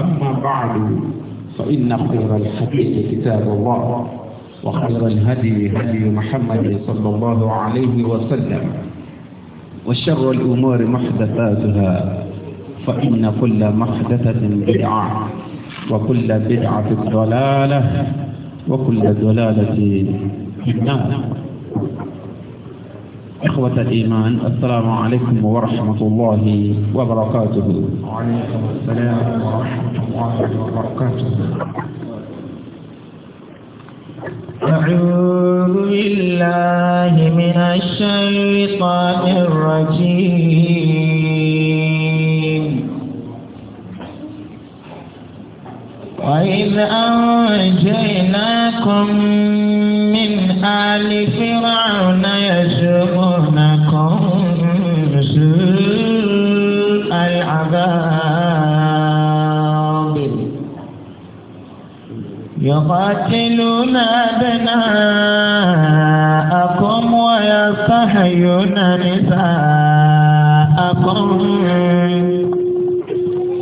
أما بعد فإن خير الحديث كتاب الله وخير الهدي هدي محمد صلى الله عليه وسلم وشر الأمور محدثاتها فإن كل محدثة بدعة وكل بدعة ضلالة وكل ضلالة في النار إخوة الإيمان السلام عليكم ورحمة الله وبركاته وعليكم السلام ورحمة الله وبركاته أعوذ بالله من الشيطان الرجيم وإذ أنجيناكم من آل فرعون يسومونكم سوء العذاب يقاتلون أبناءكم ويستحيون نساءكم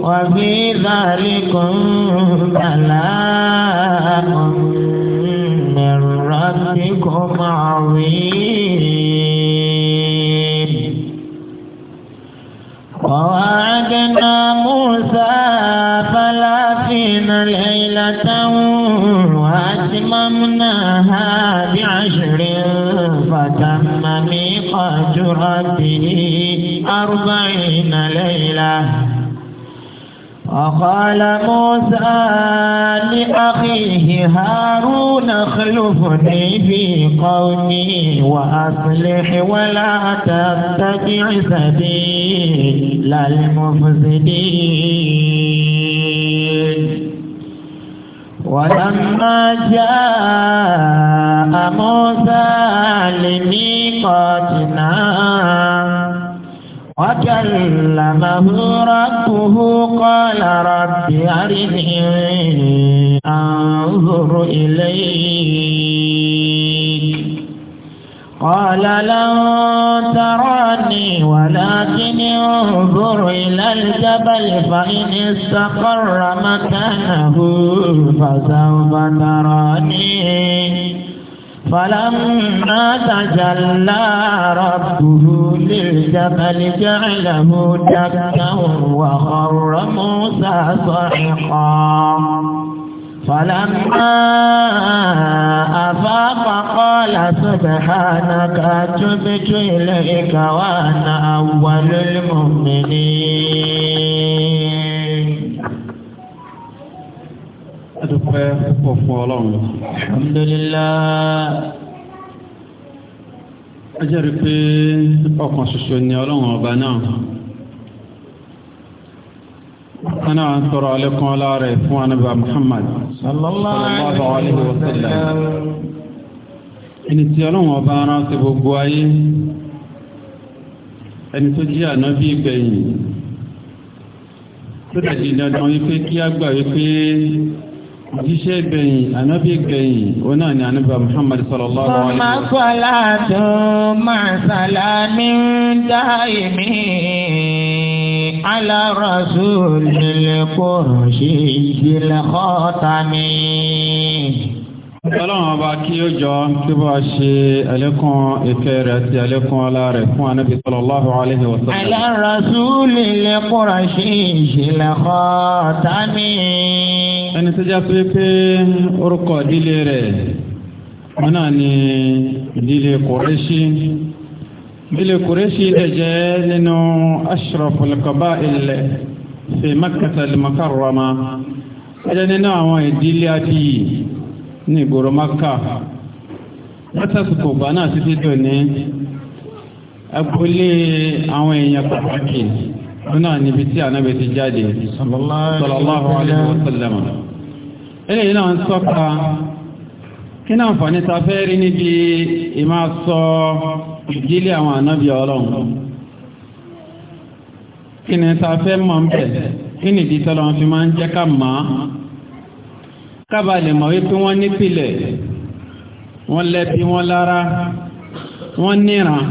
وفي ذلكم بلاء ربكم عظيم وقال موسى لأخيه هارون اخلفني في قومي وأصلح ولا تتبع سبيل المفسدين ولما جاء موسى لميقاتنا وكلمه ربه قال رب أرني أنظر إليك قال لن تراني ولكن انظر إلى الجبل فإن استقر مكانه فسوف تراني فلما تجلى ربه للجبل جعله دكا وخر موسى صعقا فلما أفاق قال سبحانك تبت إليك وأنا أول المؤمنين ọpẹ́ púpọ̀ fún ọlọ́run. alhamdulillah. a jẹ́rìí pé ọ̀kan ṣoṣo ni ọlọ́run ọba náà. أنا أنصر عليكم على عرف وأنا محمد صلى الله عليه وسلم ẹni tí ọlọ́run ọba ara ti gbogbo ayé ẹni tó jẹ́ ànábì ìgbẹ̀yìn tó dẹ̀ di dandan wípé kí á gbà wípé òjíṣẹ́ gbẹ̀yìn ànábì gbẹ̀yìn òun náà ni ànábì muhammad sallallahu alayhi wa sallam. ọmọ kọlá tó máa sàlámì ń dá èmi ala rasulil qurashiyil khatami. ọlọ́run ọba kí ó jọ kí bá a ṣe àlékún ìfẹ́ rẹ̀ àti àlékún ọlá rẹ̀ fún ànábì sallallahu alayhi wa sallam. ala rasulil qurashiyil khatami ẹni tó já pé pé orúkọ ìdílé rẹ̀ wọn náà ní ìdílé kùrẹ́ṣì ìdílé kùrẹ́ṣì lè jẹ́ nínú ashraful qaba'il fi Makkah al-Mukarrama ẹjẹ́ nínú àwọn ìdílé àti yìí ní ìgboro Mákà látàkùkù bá náà títí dòní agboolé àwọn èèyàn pàtàkì wọn náà níbi tí Ànábì ti jáde sallallahu alaihi wa sallam eléyìí náà ń sọ́ka kí náà fà níta fẹ́ rí níbi ìmá sọ ìdílé àwọn ànábì ọlọ́run kí ni ta fẹ́ mọ̀ ń bẹ̀ kí ni ìdí tọ́lọ́ fi máa ń jẹ́ ká mọ̀ á kábàá lè mọ̀ wípé wọ́n nípìlẹ̀ wọ́n lẹ́bi wọ́n lára wọ́n níran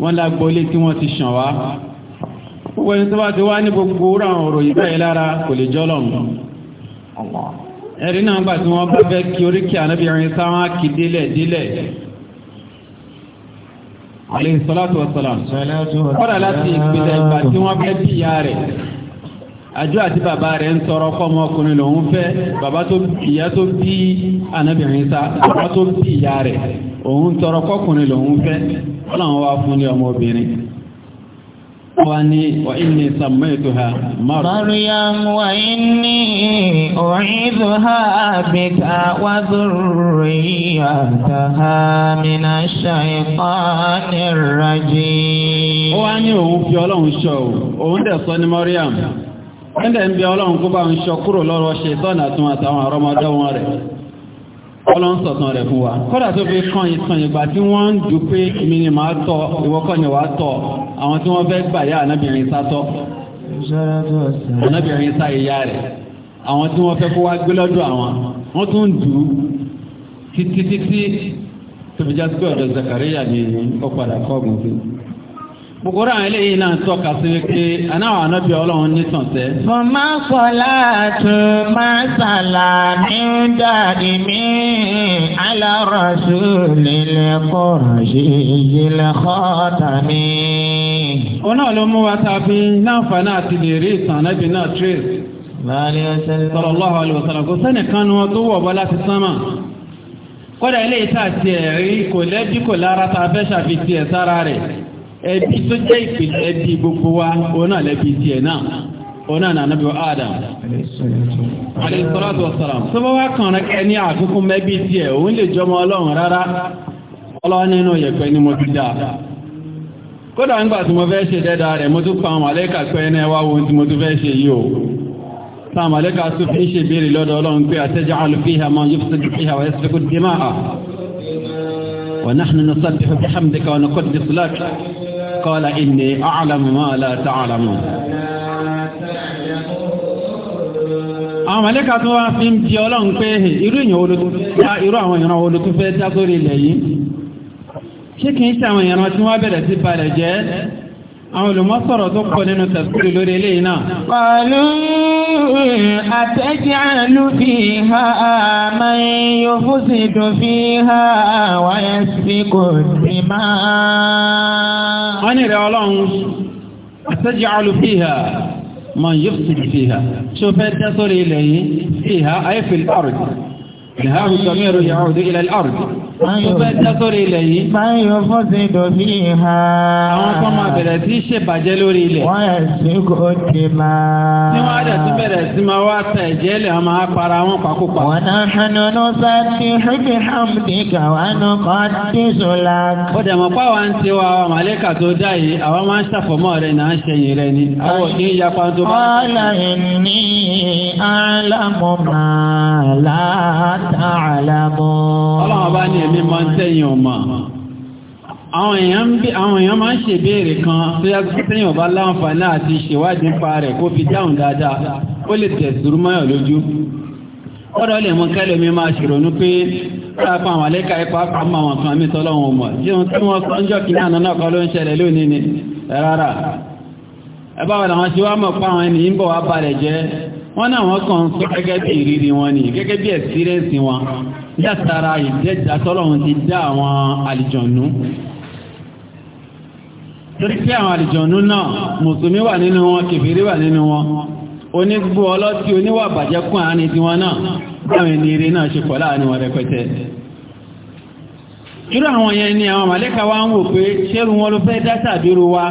wọ́n lágbólé tí wọ́n ti ṣàn wá gbogbo ẹni tó bá ti wá ní gbogbo ràn òròyìn báyìí lára kò lè jọ́lọ́run ẹ̀rí náà bá tí wọ́n bá fẹ́ kí oríkì ànábìrin sáwọn kì délẹ̀ délẹ̀ alẹ́ ìsọ́látù ọ̀sọ̀lá kọ́dà láti ìpìlẹ̀ ìgbà tí wọ́n fẹ́ bí ìyá rẹ̀ àjọ àti bàbá rẹ̀ ń tọrọ fọ́mọ ọkùnrin lòun fẹ́ bàbá tó ìyá tó bí ànábìrin sá bàbá tó bí rẹ̀ òun tọrọ fọ́kùnrin lòun fẹ́ ọlọ́run wá fún ní ọmọbìnrin wani wa inni ha maryam wa inni u'idhuha bika wa ha min ash-shaytanir rajim wani o fi Ọlọ́hun ṣọ́ o o sọ ni maryam nde nbi Ọlọ́hun kó bá ń ṣọ́ kúrò lọ́wọ́ shaytan atun àtàwọn àrọ́mọdọ́mọ rẹ̀ ọlọ́run sọ̀tàn rẹ̀ fún wa kọ́dà tó fi kàn yín sàn ìgbà tí wọ́n ń dù pé èmi ni màá tọ́ ìwọ́kọ̀ ni wàá tọ́ àwọn tí wọ́n fẹ́ gbà yá ànábìrin sá tọ́ sá ìyá rẹ̀ àwọn tí wọ́n fẹ́ kó wá gbé lọ́dọ̀ àwọn wọ́n tún ń dù títí títí tó fi já sí ọ̀dọ̀ Zakaria ni ó padà kọ́ ọ̀gùn sí i. Bùkúrá àwọn eléyìí náà tọ́ka sí wípé anáwọ̀ anábìá ọlọ́run ní tàǹtẹ́. Mo máa ń sọ̀lá tó máa sàlà ní dàdí mi alárọ̀sù lílẹ̀ kọ̀rọ̀ ṣe ìjìnlẹ̀ kọ́ta mi. Òun ló mú wa tàbí láǹfààní àti lè rí ìtàn anábì náà trace. Báyọ̀ sẹ́lẹ̀. Sallallahu alaihi wasallam kò sẹ́nìkan ni wọ́n tó wọ̀ bọ́ láti sánmà kódà ilé ìta tiẹ̀ ẹbí tó jẹ́ ìpìlẹ̀ ẹbí gbogbo wa òun náà lẹ́bí tiẹ̀ náà òun náà nànàbí wa Adam alayhi salatu wa salam sọ́bọ́ wa kàn rẹ̀ kẹ́ ní àkókò mẹ́bí tiẹ̀ òun lè jọmọ ọlọ́run rárá ọlọ́run nínú yẹ̀pẹ̀ ni mo ti dá kódà ń tí mo fẹ́ ṣe dẹ́dà rẹ̀ mo tún pa àwọn àlẹ́kà pé ẹni ẹwà wo tí mo tún fẹ́ ṣe yìí o táwọn àlẹ́kà tún fi ń ṣe béèrè lọ́dọ̀ ọlọ́run pé ataj'alu fiha man yufsidu fiha wa yasfiku dima'a wa nahnu nusabbihu bihamdika wa nuqaddisu lak قال إني أعلم ما لا تعلمون àwọn mẹ́lẹ́ka tó wá fi iru di ọlọ́run pé irú àwọn ìran olùtún fẹ́ dá sórí ilẹ̀ yìí ṣé kìí ṣe àwọn ìran tí wọ́n bẹ̀rẹ̀ sí balẹ̀ jẹ́ àwọn olùmọ́sọ̀rọ̀ tó pọ̀ nínú tẹ̀síkìrì lórí eléyìí náà. pẹ̀lú àtẹ́jàlú fi ha máa yóò fún sí ìdòfin ha wáyé sí kò sí máa. wọ́n ní rẹ̀ ọlọ́run ataj'alu fiha man yufsidu fiha tí ó fẹ́ dá sórí ilẹ̀ yìí fiha ay fil ard ìhàrù sọmírù yàrùdú ilẹ̀ ọ̀rùdú. tó bẹ́ẹ̀ dásórí ilẹ̀ yìí. báyọ̀ fọ́sẹ̀ dọ̀bí ha. àwọn kan máa bẹ̀rẹ̀ sí ṣèbàjẹ́ lórí ilẹ̀. wọ́n yẹ sí kò tì máa. tí wọ́n á dẹ̀ tún bẹ̀rẹ̀ sí máa wá ta ẹ̀jẹ̀ lẹ̀ wọ́n máa para wọn pakópa. wọ́n náà hànú ló bá ti ṣubí hàmdì kàwánú kọ́ ti sọ̀la. ó dẹ̀ mọ̀ pé àwọn ti wa àwọn màlẹ́kà tó dá yìí àwọn máa ń ṣàfọ̀mọ́ rẹ̀ náà ń ṣẹ̀yìn rẹ̀ ni. àwọn kì í yapa tó bá. ọ̀la ẹ̀ ní àlámọ̀ màlá ta'lamun. ọlọ́run bá ní ẹ̀mí máa ń tẹ̀yìn ọmọ àwọn èèyàn ń bí àwọn èèyàn máa ń ṣe ìbéèrè kan tó yá tẹ́yìn ọba láǹfààní àti ìṣèwádìí nípa rẹ̀ kó fi dáhùn dáadáa ó lè tẹ̀sùrú mọ́yàn lójú ọ̀rọ̀ lè mú kẹ́lẹ̀ mi máa ṣèrònú pé rápa àwọn alẹ́ka ipa pàmà àwọn kan mi tọ́lọ́wọ̀n ọmọ tí wọ́n tí wọ́n sọ ń jọ kí náà náà wọ́n náà wọ́n kàn sọ gẹ́gẹ́ bí ìrírí wọn ni gẹ́gẹ́ bí ẹ̀sírẹ́ǹsì wọn látara ìdẹ́jà tọ́lọ́run ti dá àwọn àlìjọ̀nú torí pé àwọn àlìjọ̀nú náà mùsùlùmí wà nínú wọn kèfèrí wà nínú wọn onígbó ọlọ́tí oníwà bàjẹ́ kún àárín tí wọn náà báwọn ẹni eré náà ṣe pọ̀ láàrin wọn rẹpẹtẹ irú àwọn yẹn ni àwọn màlẹ́kà wá ń wò pé ṣẹ́rù wọn ló fẹ́ dá sàdúró wa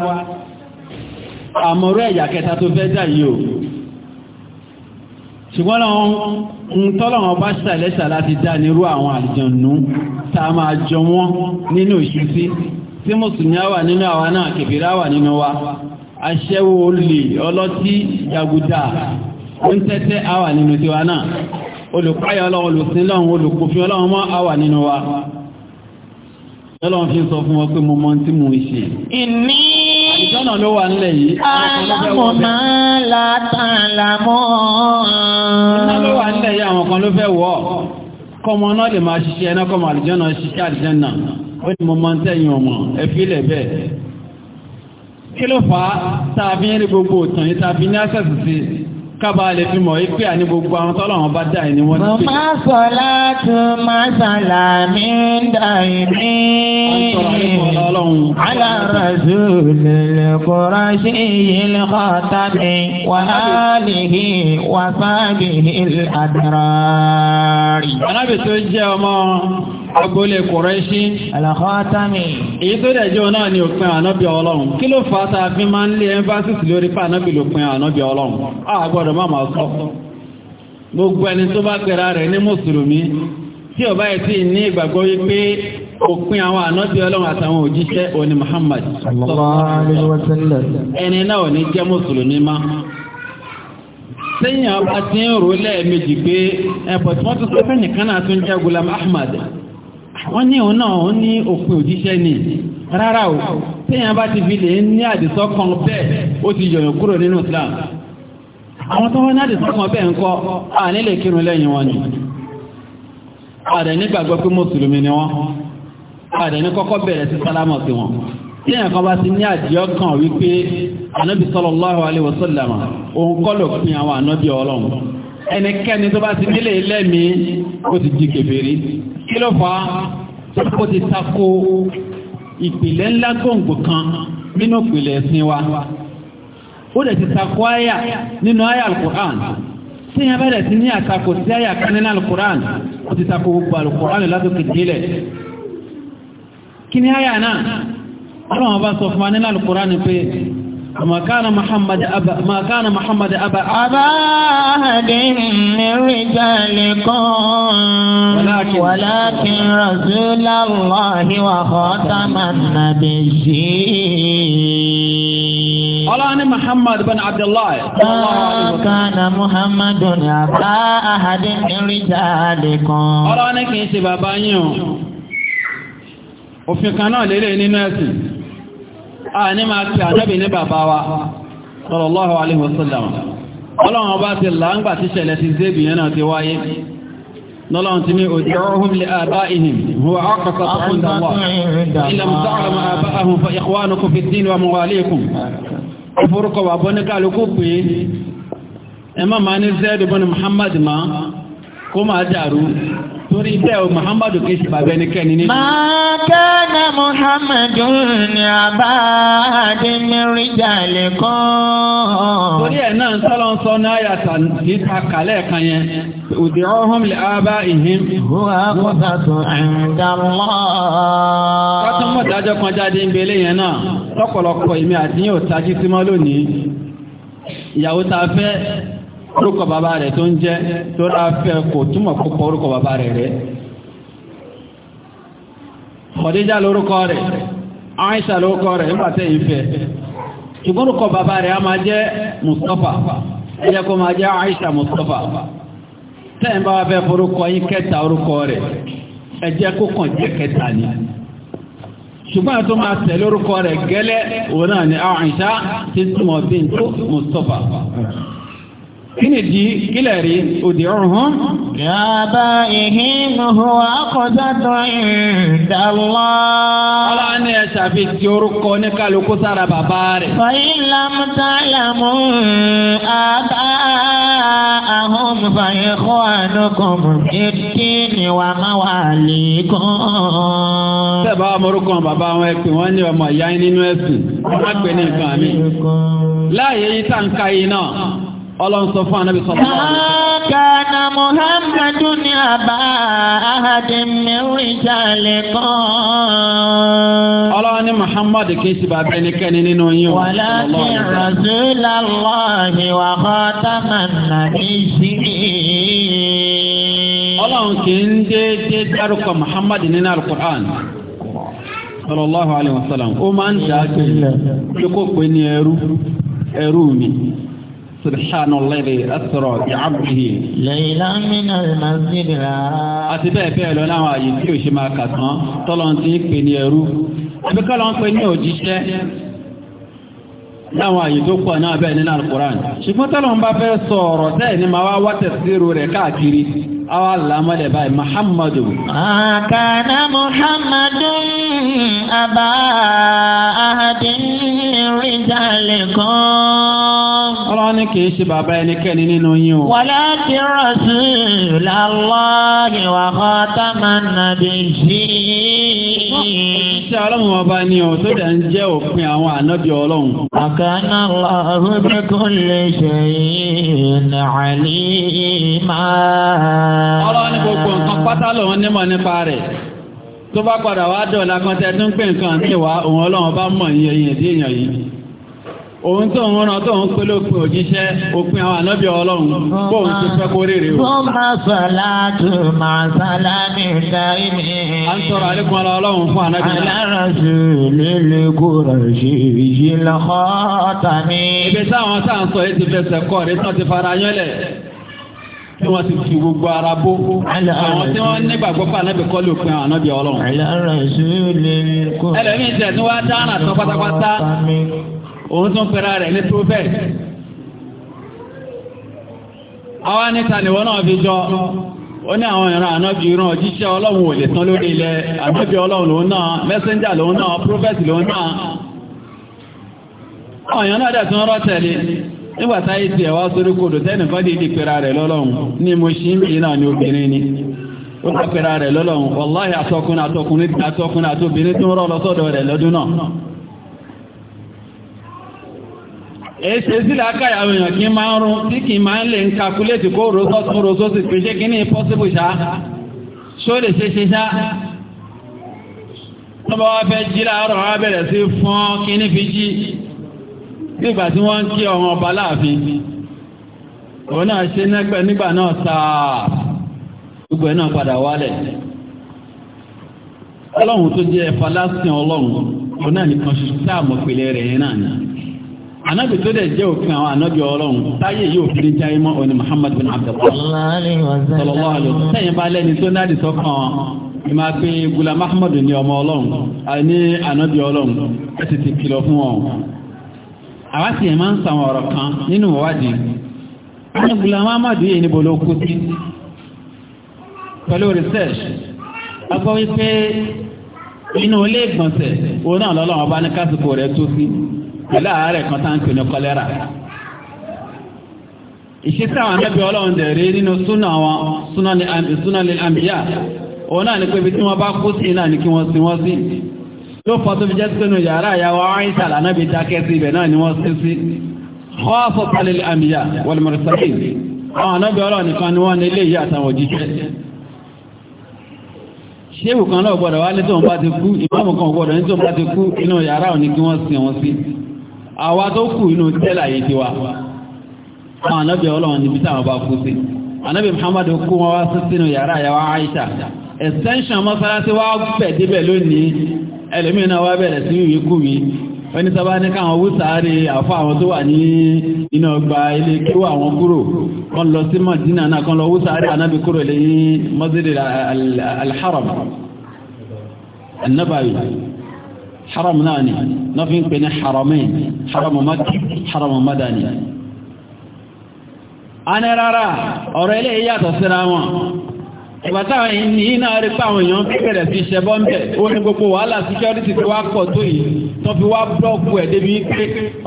àmọ́rú ẹ̀yà kẹta tó fẹ́ dá yìí o ṣùgbọ́n lọ́wọ́ ń tọ́lọ́wọ́ bá ṣàlẹ́ṣà láti dá nírú àwọn àlùjọ̀nù tá a máa jọ wọ́n nínú ìṣúsí tí mùsùlùmí á wà nínú àwa náà kèfèrí á wà nínú wa aṣẹ́wó olè ọlọ́tí jàgùdà ó ń tẹ́tẹ́ á wà nínú tiwa náà olùpáyà ọlọ́run olùsìn lọ́run olùkòfin ọlọ́run mọ́ á nínú wa ọlọ́run fi ń sọ fún wọn pé mo mọ tí mo ń ṣe. ìní lọ́nà ló wà nílẹ̀ yìí. alámọ̀ máa la tàn lámọ́. ló wà nílẹ̀ yìí àwọn kan ló fẹ́ wọ̀ kọ́mọ náà lè máa ṣiṣẹ́ iná kọ́mọ àlùjọ́nà ṣiṣẹ́ àlùjọ́nà ó ní mo máa ń tẹ̀yìn ọmọ ẹ lẹ̀ bẹ́ẹ̀. kí ló fà á tàbí ní gbogbo òtàn yìí tàbí ní àṣẹ̀sì sí i kábà lè fi mọ̀ ipé àní gbogbo àwọn tọ́lọ̀wọ́n bá dáì ni wọ́n ti pè. Màmá sọ̀lá tó máa sàlà mí ń dáì mí. Alára zòlè lè kọ́ra sí iye lè kọ́ tábí wà áàlìhì wà sábìhì àdàrà rí. Alábì tó jẹ́ ọmọ agboolé kùrẹ́ṣí. àlàkọ́tàmì. èyí tó dẹ̀ jẹ́ náà ni òpin ànábì ọlọ́run kí ló fà á tá a fi máa ń lé emphasis lórí pa ànábì lópin ànábì ọlọ́run a gbọ́dọ̀ má máa sọ. gbogbo ẹni tó bá pera rẹ̀ ní mùsùlùmí tí ó bá yẹ tí ní ìgbàgbọ́ wípé òpin àwọn ànábì ọlọ́run àtàwọn òjíṣẹ́ òní Muhammad. ẹni náà ò ní jẹ́ mùsùlùmí má sẹ́yìn àbá ti ń rò lẹ́ẹ̀mejì pé ẹ̀pọ̀ tí wọ́n ti sọ fẹ́ nìkan náà tún jẹ́ Gulam Ahmad wọ́n ní òun náà ó ní òpin òjíṣẹ́ ni rárá o téèyàn bá ti fi lè ní àdìsọ́ kan bẹ́ẹ̀ ó ti yọ̀yàn kúrò nínú Islam àwọn tó wọ́n ní àdìsọ́ kan bẹ́ẹ̀ ń kọ́ à nílé kírun lẹ́yìn wọn ni àdẹ̀ nígbàgbọ́ pé mùsùlùmí ni wọ́n àdẹ̀ ní kọ́kọ́ bẹ̀rẹ̀ sí sálámọ̀ sí wọn téèyàn kan bá ti ní àdìọ́ kan wípé anábì kí ló fà á tó ti tako ìpìlẹ̀ ńlá gbòǹgbò kan nínú ìpìlẹ̀ ẹ̀sìn wa ó dẹ̀ ti tako àyà nínú àyà alukur'an tí yẹn bẹ̀rẹ̀ sí ní àtakò sí àyà kan nínú alukur'an ó ti tako gbogbo alukur'an lọ́dọ̀kì délẹ̀ kí ni àyà náà ọlọ́run bá sọ fún wa nínú alukur'an pé ما كان محمد أبا ما كان محمد أبا أبا أحد من رجالكم ولكن, ولكن رسول الله وخاتم النبيين قال محمد بن عبد الله كان محمد أبا أحد من رجالكم قال أنا كيسي بابا يوم وفي قناة ليلة ناسي a ní máa kí ànábì ní bàbá wa sallallahu alaihi wasallam ọlọ́run ọba ti láńgbà tí ṣẹlẹ̀ ti zébì yẹn náà ti wáyé lọ́lọ́run ti ní ud'uhum li aba'ihim huwa aqsatu 'inda Allah kó máa dàrú torí bẹ́ẹ̀ o muhammadu kì í ṣe bàbá ẹnikẹ́ni nínú. muhammadu ní àbá àdémírí jàlè kan. torí ẹ̀ náà sọ́lọ́ ń sọ náà yàtà níta kàlẹ́ kan yẹn òdì ọ̀hún lè ìhín. dájọ́ kan jáde ń yẹn náà lọ́pọ̀lọpọ̀ tají símọ́ lónìí ìyàwó orúkọ bàbá rẹ̀ tó ń jẹ́ lọ́ra fẹ́ kò túmọ̀ púpọ̀ orúkọ bàbá rẹ̀ rẹ̀ Khadija lórúkọ rẹ̀ Aisha lórúkọ rẹ̀ nígbà tẹ́ ìfẹ́ ṣùgbọ́n orúkọ bàbá rẹ̀ a máa jẹ́ Mustapha ẹ̀yẹ kó máa jẹ́ Aisha Mustapha tẹ́yìn bá wá fẹ́ forúkọ yín kẹta orúkọ rẹ̀ ẹ̀jẹ̀ kó kàn jẹ́ kẹta ni ṣùgbọ́n tó máa tẹ̀lé orúkọ rẹ̀ gẹ́lẹ́ òun náà ni Aisha tí túmọ̀ bí tó Mustapha kíni di kílẹ̀ rí òdì ọ̀hún. yàrá ìhìn huwa aqsatu inda Allah. ọlá ni ẹ ṣàfihàn orúkọ ní kálukú sára bàbá rẹ̀. fa in lam ta'lamu aba'ahum fa ikhwanukum fid-din wa mawalikum. sẹ́ẹ̀bá ọmọrúkọ bàbá wọn ẹ pè wọ́n ní ọmọ ìyá nínú ẹ̀sìn wọ́n á pè ní nǹkan mi. láàyè yìí tá à ka yìí náà ọlọ́run sọ fún anabi sọ̀rọ̀. kana muhammadu ni aba ahadin min rijalikum. ọlọ́run ní muhammadu kì í ṣe bàbá ẹnikẹ́ni nínú yín o. walakin rasulallahi wa khataman nabiyyin. ọlọ́run kì í déédéé dárúkọ muhammadu nínú alukur'an sallallahu alayhi wa sallam ó máa ń dàgbé kókó pé سبحان الذي أسرى بعبده ليلا من المسجد الحرام àti bẹ́ẹ̀ bẹ́ẹ̀ lọ láwọn àyè tí òṣè máa kà tán tọ́lọ́n ti ń pè ní ẹrú ẹbí kọ́ ló ń pè ní òjíṣẹ́ láwọn àyè tó pọ̀ náà bẹ́ẹ̀ nínú alukoran ṣùgbọ́n tọ́lọ́n bá fẹ́ sọ ọ̀rọ̀ tẹ́ẹ̀ ni màá wá tẹ̀síro rẹ̀ káàkiri awa lamọ́lẹ̀ báyìí muhammadu. àkàdá muhammadu abá ahadin rìjàlẹ̀ kan ní kì í ṣe bàbá ẹnikẹ́ni nínú yín o. walakin rasulallahi wa khataman nabiyyin. iṣẹ́ ọlọ́run ọba ni ọ̀ tó dẹ̀ ń jẹ́ òpin àwọn ànábì ọlọ́run. àkànná Allahu bi kulli shay'in alima. ọlọ́run ní gbogbo nǹkan pátá lòun nímọ̀ nípa rẹ̀ tó bá padà wá dọ̀la kan tẹ́ tún pé nǹkan àti ìwà òun ọlọ́run bá mọ̀ yẹn dé èèyàn yìí òun tó ń rán tó ń pé lópin òjíṣẹ́ òpin àwọn ànábì ọlọ́run bóun ti fẹ́ kó rèrè o. wọ́n máa sọ̀lá tó máa sọ̀lá ní ìdarí mi. a ń sọ̀rọ̀ àlékún ọlọ́ ọlọ́run fún ànábì náà. alárànṣe líle kúrò ṣe yí lọ́kọ́ ọ̀tà mi. ibi táwọn tá ń sọ yìí ti fẹsẹ̀ kọ́ ọ̀rẹ́ tán ti fara yánlẹ̀ tí wọ́n ti fi gbogbo ara bó. àwọn tí wọ́n nígbàgbọ́ fún anábì kọ́ ló pin àná ọlọ́run. ẹlẹ́mìí tẹ̀ tí tán pátápátá. òun tún pera rẹ̀ ní prophet àwa níta náà fi jọ ó ní àwọn ìran ànábì ìran òjíṣẹ́ ọlọ́run ò lè tán lórí ilẹ̀ ànábì ọlọ́run lòun náà messenger lòun náà prophet lòun náà àwọn èèyàn náà dẹ̀ rọ́ tẹ̀lé nígbàtá ìsì ẹ̀wá sórí kòdò pera rẹ̀ lọ́lọ́run ní mo ṣí ń èsì làákà àwọn èèyàn kí máa ń rún tí kì máa ń lè ń kakuléètì kó rosó sí pé ṣé kí ní pọ́síbù ṣá ṣe ṣe ṣá wọ́n bá wá fẹ́ jí láàárọ̀ wá bẹ̀rẹ̀ sí fún kí ní fi jí nígbà tí wọ́n ń kí ọmọ ọba láàfin òun náà ṣe nẹ́pẹ́ nígbà náà sáà gbogbo ẹ̀ náà padà wálẹ̀ ọlọ́run tó jẹ́ ọlọ́run òun náà nìkan anabi tó dẹ̀ jẹ́ òfin àwọn anabi ọlọ́run táyé yóò fi ní jáyé mọ́ òní muhammad bin abdullah sallallahu alaihi wasallam sẹ́yìn bá lẹ́ni tó náà di sọ́kàn ìmọ̀ pé gula muhammad ní ọmọ ọlọ́run ní anabi ọlọ́run ẹ sì ti kìlọ̀ fún wọn. àwa sì máa ń sàwọn ọ̀rọ̀ kan nínú ìwádìí ní gula muhammad yìí níbo ló kú sí. pẹ̀lú research a gbọ́ wípé inú ilé ìgbọ̀nsẹ̀ òun náà lọ́lọ́run ọba ní kásìkò rẹ̀ tó sí pẹ̀lú àárẹ̀ kan tá ń pè ní kọ́lẹ́rà ìṣesí àwọn anábì ọlọ́run dẹ̀ rí nínú súnà wọn súnà lè àmìyà òun náà ni pé ibi tí wọ́n bá kú sí náà ni kí wọ́n sin wọ́n sí ló fọ́ tó fi jẹ́ sínú yàrá àyàwó àìsà lànàbì dákẹ́ sí ibẹ̀ náà ni wọ́n sí sí ọ́fọ́ pálẹ̀ àmìyà wọlùmọ̀rẹ́sàkì àwọn ni wọ́n ní ilé yìí àtàwọn òjíṣẹ́ ṣéwù kan náà gbọ́dọ̀ wá ní tóun bá ti kú ìmáàmù kan gbọ́dọ̀ ní tóun bá ti kú inú àwa tó kù inú tẹ́lá yìí ti wa àwọn anábì ọlọ́run níbi táwọn bá kú sí anábì Muhammad kú wọn wá sí sínú yàrá àyàwó Aisha extension mọ́sálásí wa pẹ̀ débẹ̀ lónìí ẹlòmíì náà wá bẹ̀rẹ̀ sí ìwé kú mi ẹni sábà ní káwọn wúsàárì àfọ àwọn tó wà ní iná ọgbà ilé kíwà àwọn kúrò kan lọ sí Madina náà kan lọ wúsàárì anábì kúrò lẹ́yìn Masjid al-Haram an-Nabawi حرام ناني، ni wọ́n fi ń pè ní haramain haramu maki haramu madani a ní rárá ọ̀rọ̀ ilé yàtọ̀ síra wọn ìgbàtà ní náà rí páwọn èèyàn bẹ̀rẹ̀ sí ṣẹbọ́ ń bẹ̀ ó ní gbogbo wàhálà síkẹ́rìtì tó wá pọ̀ tó yìí tó fi wá búlọ́ọ̀kù ẹ̀ débi pé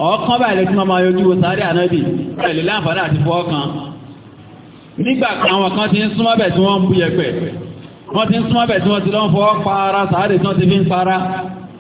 ọ̀ọ́kán báyìí lè túnmọ̀ máa yọjú wo sáré ànábì pẹ̀lú láǹfààní àti fọ́ọ̀kan nígbà àwọn kan ti ń súnmọ́ bẹ̀ tí wọ́n ń bú yẹpẹ̀ wọ́n ti ń súnmọ́ bẹ̀ tí wọ́n ti lọ́n fọ́ para sáré tí wọ́n ti fi para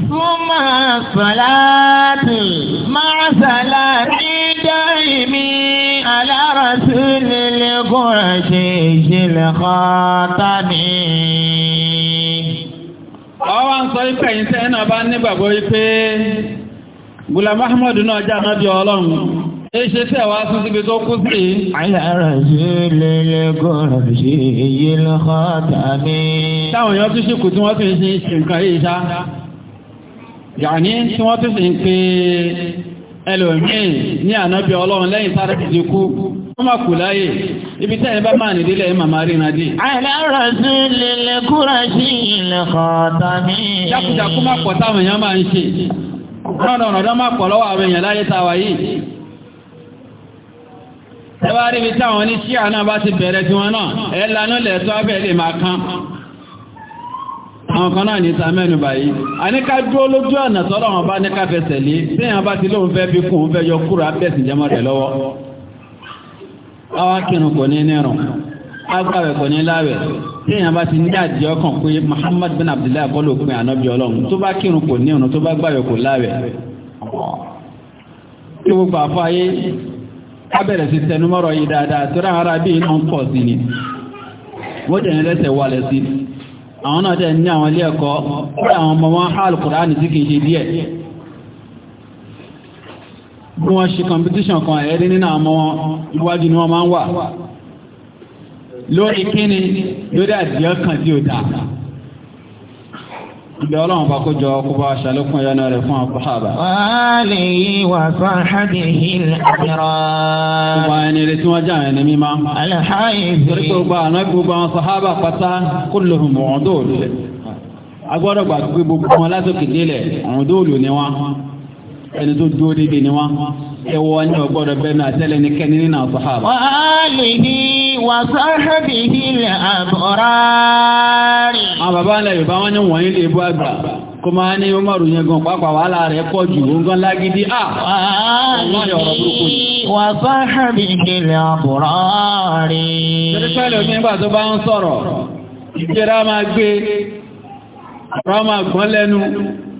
Súnmọ́ sọ̀láàtì máa sọ̀láàtì dáìmí alárasí lílé kúrẹ̀ṣì ìṣẹ̀lẹ̀ kọ́tà ní. Ọwọ́ ń sọ ipẹ̀ yìí sẹ́yìn náà bá nígbàgbọ́ wípé Bùlá Mahamadu náà jẹ́ ànábì ọlọ́run. Eṣe tẹ̀ wá sí síbi tó kú sí. Alárasí lílé kúrẹ̀ṣì ìṣẹ̀lẹ̀ kọ́tà ní. Táwọn èèyàn tún ṣìkù tí wọ́n fi ń ṣe nǹkan yìí ṣá yàní tí wọ́n tún sì ń pe ẹlòmíì ní ànábì ọlọ́run lẹ́yìn sáré ti kú wọ́n máa kù láyé ibi tẹ́yìn bá máa nìdí lẹ́yìn màmá rí nàdí. alárọ̀sí lèlè kúrò sí ilẹ̀ kọ̀ọ̀tà mi. jákujàku pọ̀ táwọn èèyàn máa ń ṣe àwọn kan náà ní ta mẹ́nu báyìí àníká dúró lójú ọ̀nà tọ́lọ́ wọn bá níká fẹsẹ̀ lé bẹ́ẹ̀ bá ti lóun fẹ́ fi kún un fẹ́ yọ kúrò abẹ́sì jẹmọ́ rẹ̀ lọ́wọ́ àwa kírun kò ní nírun agbáwẹ̀ kò ní láwẹ̀ téèyàn bá ti ń dáàdì ọkàn pé Muhammad bin Abdullahi bọ́lá òpin ànábì ọlọ́run tó bá kírun kò nírun tó bá gbáwẹ̀ kò láwẹ̀ tí gbogbo àfáyé kábẹ̀rẹ̀ sí tẹnumọ́rọ̀ yìí dáadáa ni wọ́n jẹ́ ìrẹsẹ̀ àwọn náà tẹ́ ní àwọn ilé ẹ̀kọ́ pẹ́ àwọn ọmọ wọn há alùkùránì tí ṣe díẹ̀ bí wọ́n ṣe competition kan ẹ̀rí nínú àwọn wọn iwájú ni wọ́n máa ń wà lórí kíni lórí àdìyàn kan tí ó dáa Ibi ọlọ́run bá kójọ kó bá ṣàlékún ẹ̀yánú rẹ̀ fún àpáhàbà. Wàhálì wà sáhàbì ìlànà. Gbogbo ẹni rẹ̀ tí wọ́n jẹ́ àwọn ẹni mímá. Alhàyè fi. Torí gbogbo àná gbogbo àwọn sàhábà pátá kó lò hùn mọ̀ọ́dọ́ọ̀lù. Agbọ́dọ̀ gbàgbé gbogbo wọn lásòkè délẹ̀, ọ̀dọ́ọ̀lù ni wọ́n. ẹni tó dúró dédé ni wọn ẹwọ ní ọgbọdọ bẹnu àtẹlẹ ní kẹni nínú àfọhàbà. wà á lè ní wàsáhàbì ilẹ̀ àbọ̀rárì. àwọn bàbá ńlẹ̀ yorùbá wọn ní wọ̀nyí lè bú àgbà ní umaru yẹn gan pàápàá wàhálà rẹ̀ pọ̀ jù lágídí à. wà á lè ní àbọ̀rárì.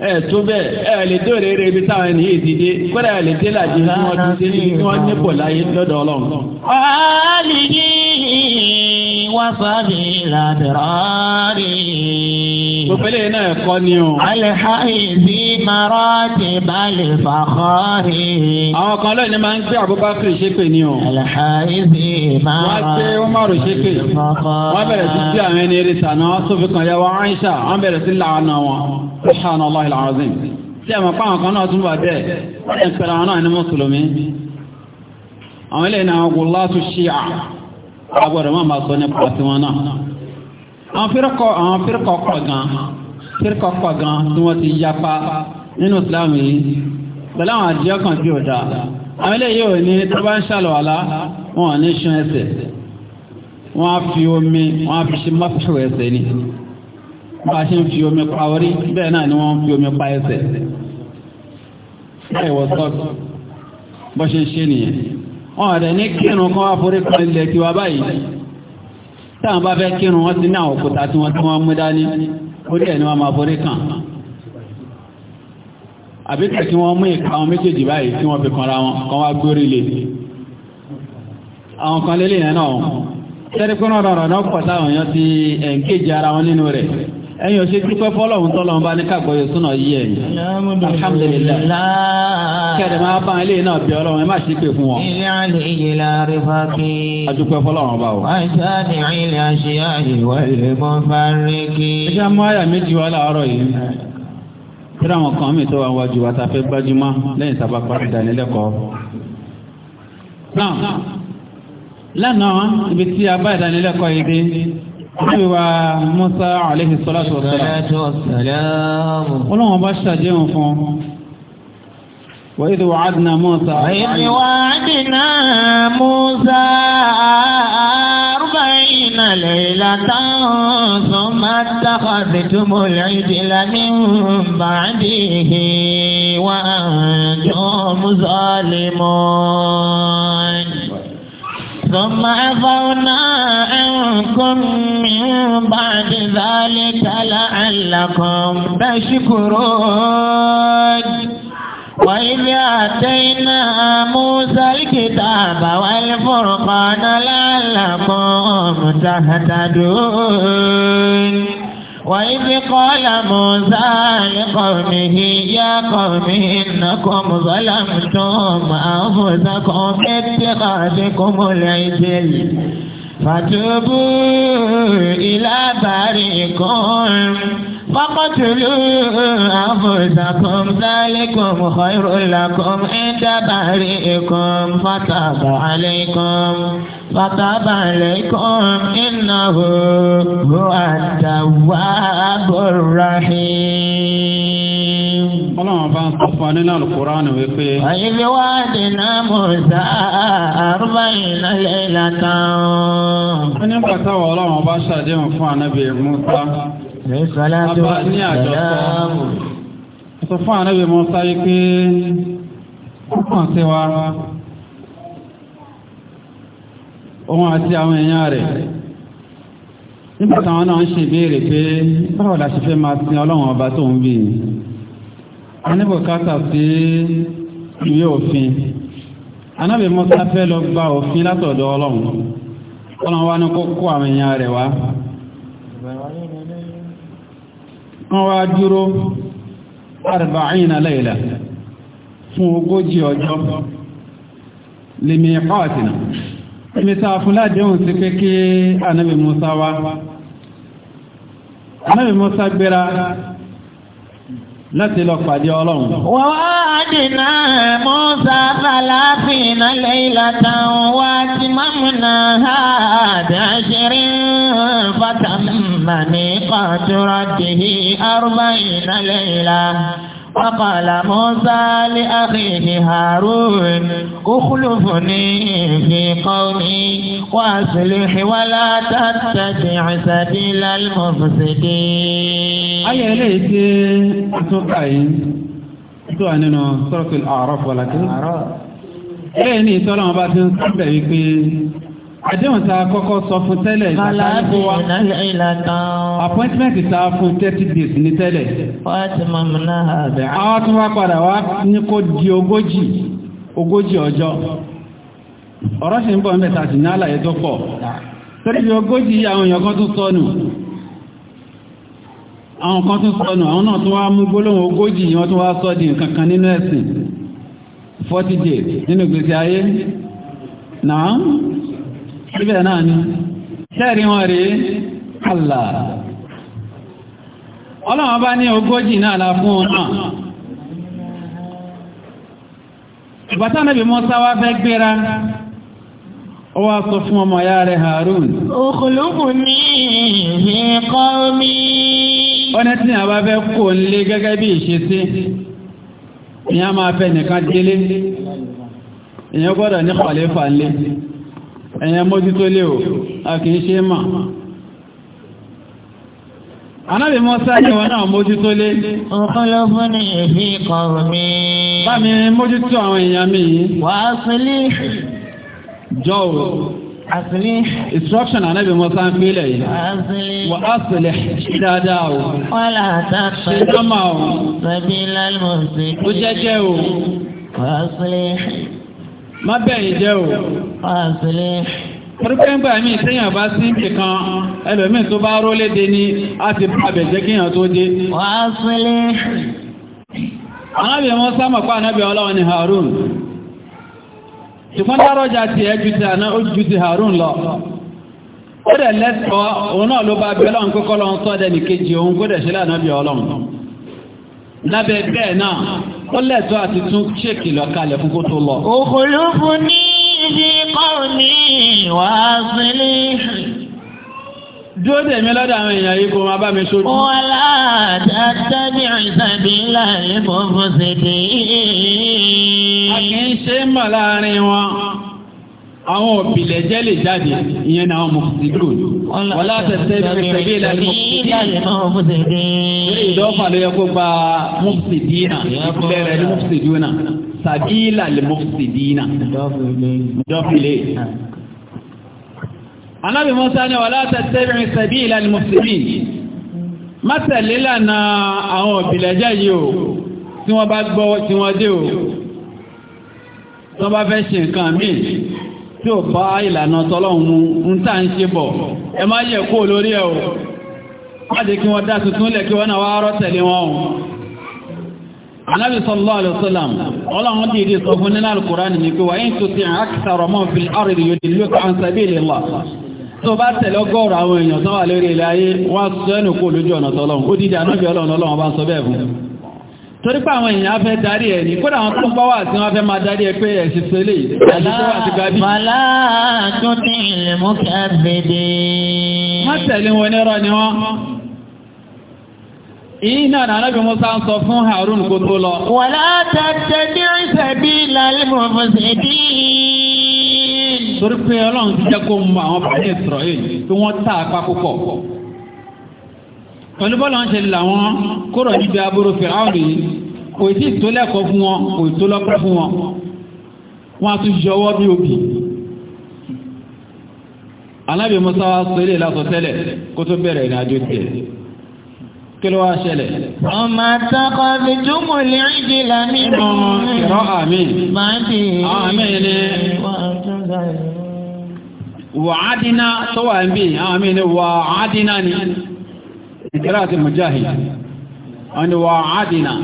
ẹ tó bẹ́ẹ̀ ẹ lè tó rere ibi táwọn ẹni yìí ti dé kódà ẹ lè dé làjì fún wọn tó dé ní wọn ní pọ̀ láyé lọ́dọ̀ ọlọ́run. ọ̀ọ́lìyí wọ́n sábì ládìrọ́ọ̀rì. Òpèlè náà ẹ̀kọ́ ni o. Alẹ́hàìsí marọ́ ti balẹ̀ fàkọ́rì. Àwọn kan lónìí máa ń gbé Abubakar ṣépè ni o. Alẹ́hàìsí marọ́ ti balẹ̀ fàkọ́rì. Wọ́n gbé Umaru ṣépè. Wọ́n bẹ̀rẹ̀ sí sí àwọn ẹni eré tàná, wọ́n tó fi kàn yá wọn Aisha, wọ́n bẹ̀rẹ̀ sí làánà wọn al-azim tí ẹ̀mọ̀ páwọn kan náà tún bà bẹ́ẹ̀ ẹ̀ pẹ̀lú àwọn náà ní mùsùlùmí àwọn ilé ìnáwó gùlátù ṣíà agbọ̀dọ̀ máa máa sọ nípa tí wọ́n náà àwọn fírkọ̀ pọ̀ gan fírkọ̀ pọ̀ gan tí wọ́n ti yapa nínú islam yìí pẹ̀lú àwọn àjíyọ́ kan bí ò dáa àwọn ilé yìí ò ní tó bá ń ṣàlùwàlá wọn ò ní ṣun ẹsẹ̀ wọ́n á fi omi wọ́n á fi ṣe mọ́fíṣù ẹsẹ̀ ni bá ṣe ń fi omi pa orí bẹ́ẹ̀ náà ni wọ́n ń fi omi pa ẹsẹ̀ báyìí wọ́n sọ́ọ̀tù bọ́ ṣe ń ṣe nìyẹn wọ́n rẹ̀ ní kírun kan wá forí kan ilẹ̀ tí wá báyìí táwọn bá fẹ́ kírun wọ́n ti ní àwọn òkúta tí wọ́n tí wọ́n mú dání orí ẹ̀ ni wọ́n máa forí kan àbí kẹ̀kí wọ́n mú ìka àwọn méjèèjì báyìí tí wọ́n fi kanra wọn kan wá gbórí lè àwọn kan lélẹ̀ yẹn náà tẹ́rí náà pọ̀ táwọn èèyàn ti ẹ̀ǹkéjì ara wọn nínú rẹ̀ ẹ̀yin ò ṣe dúpẹ́ fọ́lọ́hún tọ́lọ́hún bá ní kàgbọ́yé súnà yí ẹ̀yìn alhamdulilayi kẹ́rẹ̀ máa bá ilé náà bí ọlọ́run ẹ má ṣe pè fún wọn. ilé àlè iye láàrin fàkì. a dúpẹ́ fọ́lọ́hún bá wọ. àṣà ni ilé àṣẹ àyèwò ìlẹ̀mọ́ fáríkì. iṣẹ́ mú àyà méjì wá láàárọ̀ yìí kíra àwọn kan mi tó wà wájú wa ta fẹ́ gbájúmọ́ lẹ́yìn sábà ìdánilẹ́kọ̀ọ́. lánàá ibi tí a bá ìdánilẹ́kọ̀ọ́ yìí dé ومسا عليه الصلاة والسلام قلوا مباشا جيهم فهم وإذ وعدنا موسى وإذ وعدنا موسى أربعين ليلة ثم اتخذتم العجل من بعده وأنتم ظالمون ثم عفونا عنكم من بعد ذلك لعلكم تشكرون وإذ آتينا موسى الكتاب والفرقان لعلكم تهتدون وإذ قال موسى لقومه يا قوم إنكم ظلمتم أنفسكم باتخاذكم العجل فتوبوا إلى بارئكم فقتلوا أنفسكم ذلكم خير لكم عند بريئكم فتاب عليكم فتاب عليكم إنه هو التواب الرحيم ọlọ́run bá ń sọ fún anínà alukóránù wípé. àyíké wá dènà mọ̀ọ́sá àrùbá iná lẹ́yìn látàn. wọ́n ní pàtàkì ọlọ́run abá ní àjọsọ sọ fún ànábì Mùsá yìí pé kúkàn sí wa òun àti àwọn èèyàn rẹ̀ nígbà táwọn náà ń ṣe ìbéèrè pé báwo la ṣe fẹ́ máa sin ọlọ́run ọba tó ń bì í a ní bùkátà sí ìwé òfin ànábì Mùsá fẹ́ lọ gba òfin látọ̀dọ̀ ọlọ́run ọlọ́run wa ní kó kó àwọn èèyàn rẹ̀ wá wọ́n wá dúró arba'ina layla fún ogójì ọjọ́ lèmi ẹ̀kọ́ọ̀tìnà èmi tá a fún ládéhùn sí pé kí anábì Musa wá anábì Musa gbéra láti lọ pàdé ọlọ́run. wọ́ọ̀dìnà Musa منيقة رده أربعين ليلة وقال موسى لأخيه هارون اخلفني في قومي وأصلح ولا تتبع سبيل المفسدين أي ليتي أتوقعي أتوقع أننا سورة الأعراف ولكن أعراف إيه ني سورة ما بعد نسبة àdéhùn tá a kọ́kọ́ sọ fún tẹ́lẹ̀ wa appointment ta a fún thirty days ní tẹ́lẹ̀. àwọn tún wá padà wá ní kó di ogójì ogójì ọjọ́ ọ̀rọ̀ ṣe ń bọ̀ mẹ́ta sí ní àlàyé tó pọ̀ torí bí ogójì àwọn èèyàn kan tún sọnù àwọn kan tún sọnù àwọn náà tún wá ogójì kan nínú síbẹ̀ náà ni ṣẹ́rí wọn rí àlà ọlọ́wọ́n bá ní ogójì náà la fún un náà ìbátá náà bí Mùsá wá fẹ́ gbéra ó wá sọ fún ọmọ ya rẹ̀ Harun òkùlùkù tí a bá fẹ́ kò ń gẹ́gẹ́ bí ìṣesí ìyá máa fẹ́ nìkan délé ìyẹn gbọ́dọ̀ ní kọ̀lẹ́fà ń ẹ̀yẹn mójútó lé o a kì í ṣe mà anábì Mùsá ní wọn náà mójútó lé ọ̀pọ̀lọpọ̀ ní èmi kọ̀rọ̀ mi bá mi mójútó àwọn èèyàn mi wà á sílé jọ o asìlẹ̀ instruction anábì Mùsá ń fílẹ̀ yìí wà á sílẹ̀ dáadáa o wọ́n láta ṣe dọ́mà o sẹ́bí lálùmọ̀sí ó jẹ́jẹ́ o wà á má bẹ̀yìn jẹ́ o. àṣìlẹ̀. pẹ́rùpẹ́ngbà mi sẹ́yìn bá sí nìkan ẹlòmíì tó bá rólé de ni a ti bá bẹ̀ jẹ́ kíyàn tó dé. àṣìlẹ̀. anábìyàn wọn sámọ̀ pa anábìyàn ọlọ́run ni Harun ṣùgbọ́n dárọ́jà ti ẹ ju ti àná ó ju ti Harun lọ ó dẹ̀ lẹ́tọ̀ọ́ òun náà ló bá bẹ́ẹ̀ lọ́n kókó lọ́n sọ́dẹ̀ nìkejì òun kó dẹ̀ ṣe lánàá bí ọlọ́run lábẹ́ bẹ́ẹ̀ náà ó lẹ́tọ́ àti tún ṣèkìlọ̀ kalẹ̀ fún kó tó lọ. òkòló fún ní ibi kọ́ọ̀ní wàá sílé. dúró tèmi lọ́dọ̀ àwọn èèyàn yìí kó máa bá mi ṣojú. wọ́n lá àtàtàbí ìsàbí láàyè fọ́fọ́ ṣèdè. a kì í ṣe é mọ̀ láàrin wọn àwọn òbílẹ̀ jẹ́ lè jáde ìyẹn ni àwọn mọ̀kùsídò wọ́n láti tẹ́lẹ̀ tẹ́lẹ̀ ìlànà mọ̀kùsídì ìdọ́fà ló yẹ kó gba mọ̀kùsídì náà ìpìlẹ̀ rẹ̀ ní mọ̀kùsídì náà tàbí ìlànà mọ̀kùsídì náà ìdọ́fìlẹ̀ anábì Mùsá ni wọ́n láti tẹ́lẹ̀ tẹ́bí ìlànà mọ̀kùsídì má tẹ̀lé ìlànà àwọn òbílẹ̀ jẹ́ yìí o tí wọ́n bá gbọ́ tí wọ́n dé o tí wọ́n bá fẹ́ ṣe nǹkan míì tí ò bá ìlànà tọ́lọ́hun mu ń tà ń ṣe bọ̀ ẹ má yẹ kó lórí ẹ o má jẹ́ kí wọ́n dá tuntun lẹ̀ kí wọ́n náà wá rọ́ tẹ̀lé wọn o anábì sallallahu alaihi wasallam ọlọ́run dìde sọ fún nínú al ni pé wà ń tó ti akthara man fil ardi yudilluka an sabilillah tó bá tẹ̀lé ọgọ́rùn àwọn èèyàn tó wà lórí ilẹ̀ ayé wọ́n sọ ẹnu kó lójú ọ̀nà torí pé àwọn èèyàn fẹ́ darí ẹ̀ ní kódà àwọn tó ń pọ́wà tí wọ́n fẹ́ máa darí ẹ pé ẹ̀sì pẹ̀lẹ̀ àdúgbò tó ní ilẹ̀ torí pé ọlọ́run ti jẹ́ kó mọ àwọn bàbá ìsọ̀rọ̀ yìí tí wọ́n tà á pẹ̀lú bọ́lá ń ṣe làwọn kóró níbi aburú fìràwọ̀ kò sí ìtólẹ́kọ̀ọ́ fún wọn kò ìtólọ́pẹ́ fún wọn wọn tún yọwọ́ bí obì anábì musa wa sọ tẹ́lẹ̀ kó tó bẹ̀rẹ̀ ìrìnàjò tiẹ̀ kí wá ṣẹlẹ̀. ọmọ tó wà ń bì àmì ni wàádìí ni. قراءة المجاهد أن وعدنا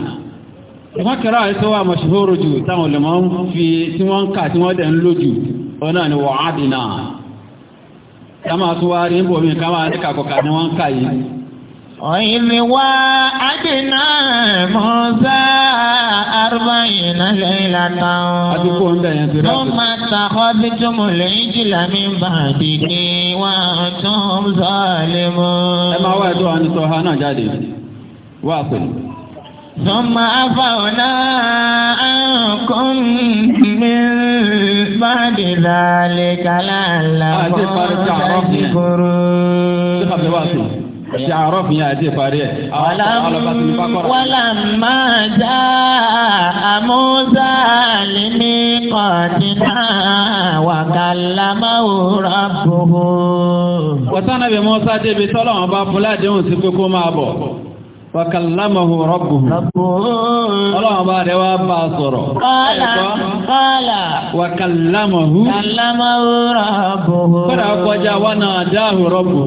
ìwọ́n kẹrọ àìsọ́ wà mọ̀ṣíhóró jù táwọn olè máa ń fi tí wọ́n ń kà tí wọ́n dẹ̀ ń lójú ọ̀nà ni wọ̀n á dìnà ká wá rí ń bò mí ká ní kàkọ̀kà ni wọ́n kà yìí وإذ وعدنا موسى أربعين ليلة ثم اتخذتم العجل من بعده وأنتم ظالمون. ẹ máa wá ẹjọ́ àni sọ̀hà náà jáde wá pẹ̀lú. ثم عفونا عنكم من بعد ذلك لعلكم تشكرون ṣe àárọ̀ fi hàn àti ìparí ẹ̀. wàlá máa já àmúzá lèmi kọ̀dínà wàkàlámáwò rábùhù. wọ́tánàbí Mùsá débi tọ́lọ̀ wọn bá fúládéhùn sí pé kó máa bọ̀ wàkàlámàhù rọ́bùhù ọlọ́run bá rẹ̀ wá bá sọ̀rọ̀ kọ́lá wàkàlámàhù rọ́bùhù kọ́lá kọjá wánà dáhù rọ́bùhù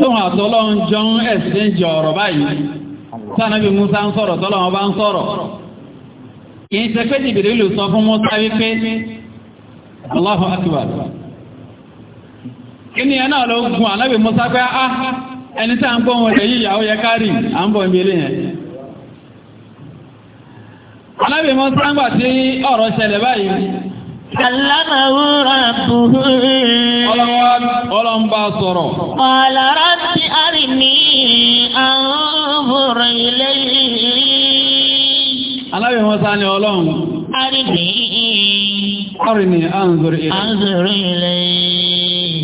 tóun àtọ́lọ́run jọ ń ẹ̀sìn jẹ ọ̀rọ̀ báyìí sanabi musa ń sọ̀rọ̀ tọ́lọ́run bá ń sọ̀rọ̀ kì í ṣe pé jìbìrì lù sọ fún musa wípé Allahu akbar kí ni ẹ ló gun ànábì musa pé á ah, ẹni tá à ń gbọ́ wọn rẹ̀ ìyàwó yẹ kárì à ń bọ̀ yẹn musa ń gbà sí ọ̀rọ̀ ṣẹlẹ̀ báyìí Kàlámàwó àbúrò. Ọlọ́run bá sọ̀rọ̀. Ọ̀làrá ti àrí ní àwòrán ilé yìí. Alábì Mọ́sá ni Ọlọ́run. Àrí ní. Ọ̀rìn ni à ilé. À ilé.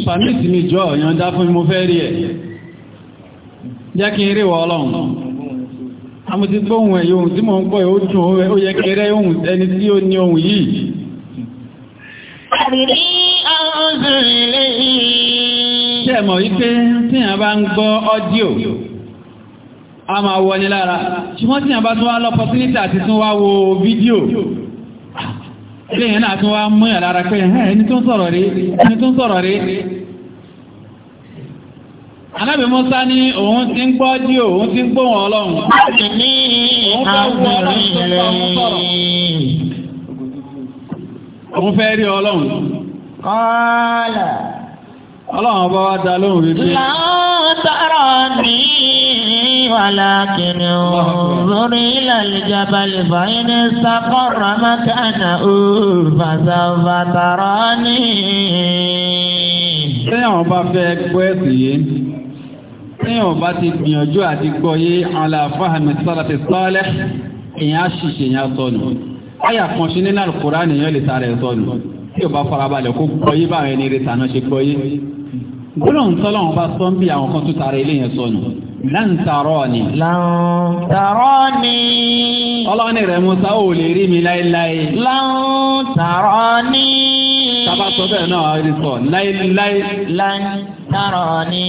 Fàmíìsì mi jọ ìyànjá fún mi mo fẹ́ rí ẹ̀. Jẹ́ kí n rí wọ Ọlọ́run. Àmọ́ ti gbóhùn ẹ̀ yóò tí mò ń gbọ́ yóò dùn ó yẹ kéré ohun ẹni tí ó ní ohun yìí. Àrírí ọ̀rọ̀ ilé yìí. Ṣé mọ̀ wípé tí a bá ń gbọ́ ọ́díò, a máa wọ ní lára, ṣùgbọ́n tí a bá tún wá lọ́pọ̀tínítà àti tún wá wo fídíò, eléyìn náà tún wá mú ẹ̀ lára pé ẹni tó ń sọ̀rọ̀ rí, ẹni tó ń sọ̀rọ̀ rí. Anábì Musa ní òun ti ń gbọ́ ọ́díò, òun ti ń gbóhùn Ọlọ́run. Àrírí ọ̀rọ̀ ilé yìí òun fẹ́ rí ọlọ́run kọ́ọ̀lá ọlọ́run bá wá dá lóhùn wípé láàtàrọ̀ ní wàlákìnì lórí ìlàlìjàbá lè báyìí ní sàkọ́rọ̀ mọ́kànà ó fàṣà fàtàrọ̀ ní. téèyàn bá fẹ́ gbọ́ ẹ̀sìn yìí téèyàn bá ti gbìyànjú àti gbọ́ yé àlàáfáà mi sára ti sọ́ọ́lẹ̀ èèyàn á ṣìṣe èèyàn sọnù àyà kan sí nínú Al-Kùránì nìyẹn lè sára ẹ̀ sọnù tí o bá farabalẹ̀ kó gbọ́ yé báwọn ẹni rẹ̀ tàná ṣe gbọ́ yé gbọ́dọ̀ ń sọ́lọ́ wọn bá sọ́n bí àwọn kan tó tara ilé yẹn sọnù lan tarani. lan tarani. ọlọ́ni Musa ò lè rí mi láéláé. lan tarani. sábà sọ bẹ́ẹ̀ náà rí sọ láéláé. lan tarani.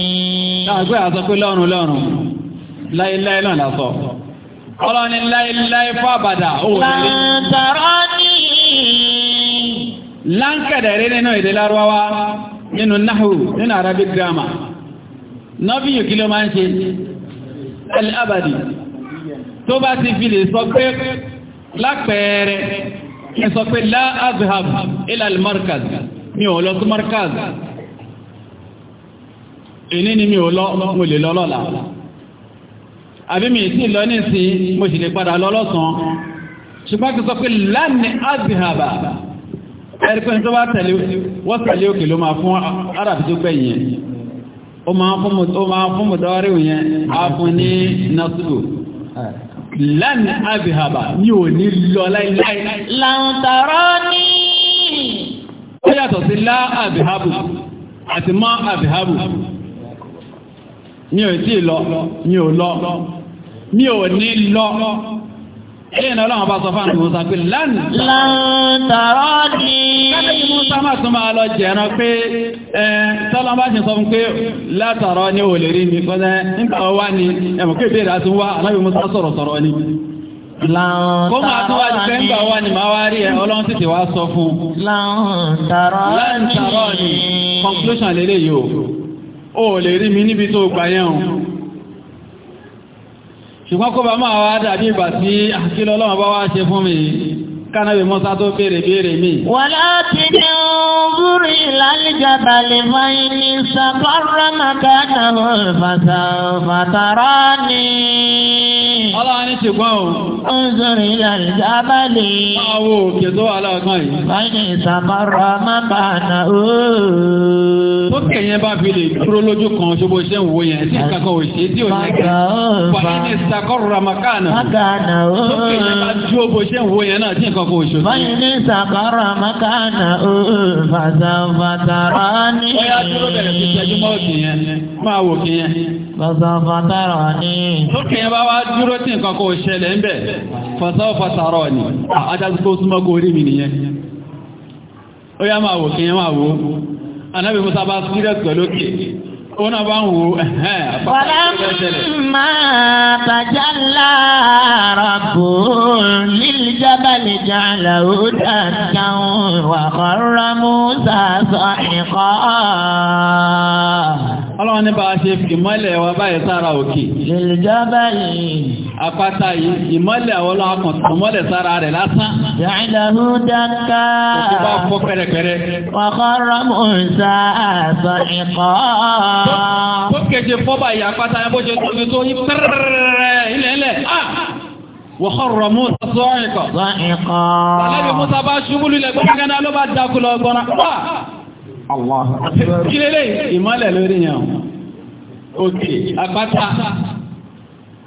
náà gbé àsọ pé lọ́rùn lọ́rùn láéláé náà lásọ ọlọ́ni láéláé fún àbàdà òwò nílé. lantara ni. láńkẹ̀dẹ̀rẹ́ nínú èdè lárúbáwá nínú náhù nínú arabic grammar nọ́bí yìí kí ló máa ń ṣe alábàdì tó bá ti fi lè sọ pé lápẹẹrẹ kí sọ pé láàzhab ilal markaz ò lọ sí markaz èní ni mi ò lọ mo lè lọ lọ́la àbí mi sí lọ nísìn mo sì lè padà lọ lọ́sàn ṣùgbọ́n kí sọ pé lánìí azihaba ẹ̀rìkọ́ni tó bá tẹ̀lé wọ́n tẹ̀lé òkè ló máa fún arábì tó gbẹ̀yìn ó máa fún mọ̀tọ́rí òyìn a fún ní nasubu lánìí azihaba ní ò ní lọ láìláì láǹtàrọ́ ní ó yàtọ̀ sí lá azihabu àti mọ́ azihabu ní ò tí ì lọ ní ò lọ mi ò ní lọ ẹ̀yìn ọlọ́run bá sọ fún Musa pé lánàá. lọ́ntàrọ́ ni. káfíń Musa máa tún máa lọ jẹ̀rán pé ẹ sọ́lá bá ṣe sọ fún pé látàrọ́ ni ò lè rí mi kọ́sẹ́ nígbà wá ni ẹ̀mọ̀ pé ìbéèrè àti wá alábi Musa sọ̀rọ̀ sọ̀rọ̀ ni. lọ́ntàrọ́ ni. kó máa tún wá ti fẹ́ nígbà wá ni máa wá rí ẹ ọlọ́run ṣùgbọ́n kó bá máa wá dàbí ìgbà tí àkílọ́ ọlọ́run bá wá ṣe fún mi kánàbì mọ́sá tó béèrè béèrè mi. wà láti ní ọ̀bùrì lálẹ́jàbà lè mọ ilé sàbárà fàtàrà ni ọlọ́run ní ṣùgbọ́n o. ó ń sọ̀rọ̀ ìlànà ìjábálẹ̀. máa wo òkè tó wà lọ́ọ̀kan yìí. báyìí ìsàmọ́rọ̀ máa bá a nà ó. tókè yẹn bá fi lè dúró lójú kan ṣogbo iṣẹ́ ìwò yẹn tí kankan ò ṣe tí ò yẹ kí. báyìí ìsàkọ́rọ̀ màkànà. màkànà ó. tókè yẹn bá dúró bó ṣe ìwò yẹn náà tí kankan ò ṣe. báyìí ìsàkọ́rọ̀ tí nǹkan kò ṣẹlẹ̀ ń bẹ̀ fọ́sáwọ́ fọ́sàrọ̀ ni àjásíkò ah, súnmọ́ kò rí mi nìyẹn ó yá máa wò kí yẹn máa wò anábì musa bá sírẹ̀sì pẹ̀lú kí ó náà bá ń wò ọlọ́run ní bá ṣe fìmọ́lẹ̀ wa báyìí sára òkè. lè jábàlì àpáta yìí ìmọ́lẹ̀ àwọn ọlọ́kàn tó mọ́lẹ̀ sára rẹ̀ lásán. Yàìlẹ̀hú dáká. Òkúbá fọ́ pẹ́rẹpẹ́rẹ. Wàkọ́rọ̀ Mùsà àṣọ ìkọ́. Tó keje fọ́bà yìí àpáta yẹn bó ṣe tóbi tó yí pẹ́rẹ́rẹ́rẹ́ ilẹ̀ẹ́lẹ̀. Ah! Wàkọ́rọ̀ Mùsà sọ ìkọ́. Sọ ìkọ́. Sàlẹ́bí Mùsà bá ṣubú lulẹ̀ gbọ́ngànà ah!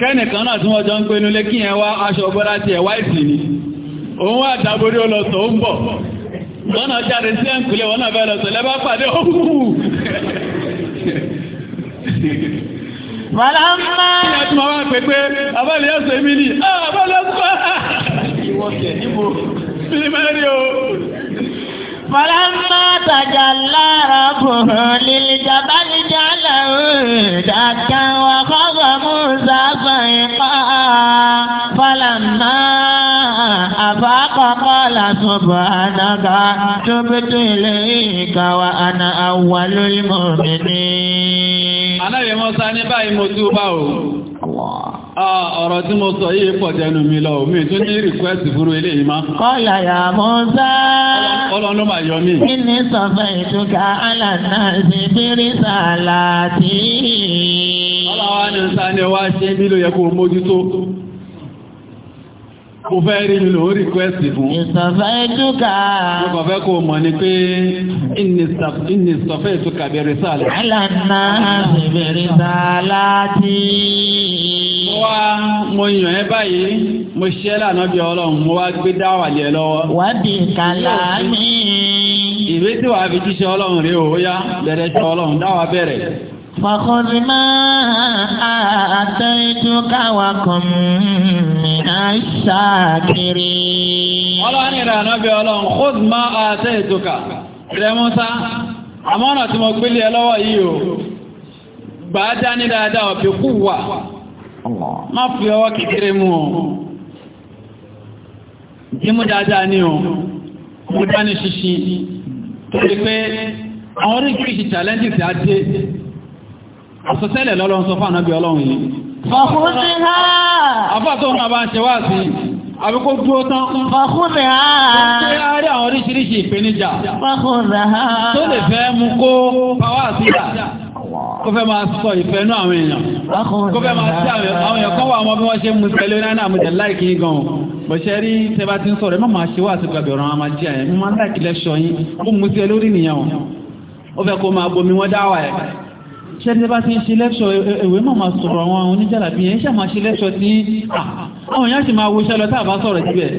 kẹ́nìkan náà tí wọ́n jọ ń pé nílé kí ẹ wá aṣọ ọgbọ́dá ti ẹ̀wá ìsìn ni òun wà dáborí ọlọ́sọ̀ ó ń bọ̀ wọ́n jáde sí ẹ̀ǹkùlẹ̀ wọ́n náà bẹ́ẹ̀ lọ́sọ̀ lẹ́bá pàdé ọkùnkùn Màlámá. Ah, tàjà lára bò lílì jàbá ní jàlá òòrùn dàkà wà kọ́ إقاء فلما أفاق قال سبحانك تبت إليك وأنا أول المؤمنين Ànábì Mùsá ní báyìí mo túbá o. Ah, ọ̀rọ̀ tí mo sọ yìí pọ̀ jẹnu mi lọ, mi tún ní rìkwẹ́sì fúru ilé yìí má. Kọ́lá ya Mùsá. Ọlọ́run ló máa yọ mí. Kí ni sọ̀fẹ́ ìtúkà Alànà sí bírísà láti? ní sáàní wá ṣe bí ló yẹ kó mójútó mo fẹ́ rí mi lòó rìkwẹ́sì fún ìsọ̀fẹ́ ìtúkà mo kàn fẹ́ kó mọ̀ ní pé ìní ìsọ̀fẹ́ ìtúkà bẹ̀rẹ̀ sáàlẹ̀ alànà bẹ̀rẹ̀ sáàláàtì wá mo yàn ẹ́ báyìí mo ṣe lànà bí ọlọ́run mo wá gbé dáwà lẹ́ lọ́wọ́ wádìí kàlá mi ìwé tí fi jíṣẹ́ ọlọ́run rí òóyá bẹ̀rẹ̀ ṣe ọlọ́run dáwà bẹ̀rẹ̀ فخذ ما آتيتك وكن من الشاكرين ọlọ́run ìrìn ànábì ọlọ́run khudh ma ataytuka rẹ Mùsá àmọ́nà tí mo gbélé ẹ lọ́wọ́ yìí o gbà á dání dáadáa ọ̀bí kú wà má fi ọwọ́ kékeré mú o jímú dáadáa ní o mo dání ṣinṣin torí pé àwọn oríṣiríṣi challenges àsọtẹ́lẹ̀ lọ́lọ́run sọ fún ànábì ọlọ́run yìí. fọ̀kúnni ha. àfà tó náà bá ń ṣe wá sí àbí kó dúró tán. fọ̀kúnni ha. tó ṣe àárí àwọn oríṣiríṣi ìpèníjà. fọ̀kúnni ha. tó lè fẹ́ mú kó pàwọ́ àtìyà kó fẹ́ máa sọ ìfẹ́ nú àwọn èèyàn kó fẹ́ máa sí àwọn èèyàn kan wà ọmọ bí wọ́n ṣe mú tẹ́lẹ̀ náà náà mo jẹ́ láìkí gan-an bọ̀ ṣe rí tẹ́bá ti ń sọ̀rọ̀ ẹ má máa ṣe wá àti gbàgbé ọ̀rọ̀ àwọn amájí àyẹ̀ mo máa ó mú sí ẹ lórí nìyẹn ó fẹ́ kó máa bomi wọ́n dáwà ẹ̀ ṣẹ́ni bá ti ń ṣe lẹ́ṣọ̀ ìwé mọ̀ máa sọ̀rọ̀ àwọn oníjàlá bí yẹn ṣe máa ṣe lẹ́ṣọ̀ tí àwọn èèyàn ṣe máa wo iṣẹ́ lọ tá a bá sọ̀rọ̀ síbẹ̀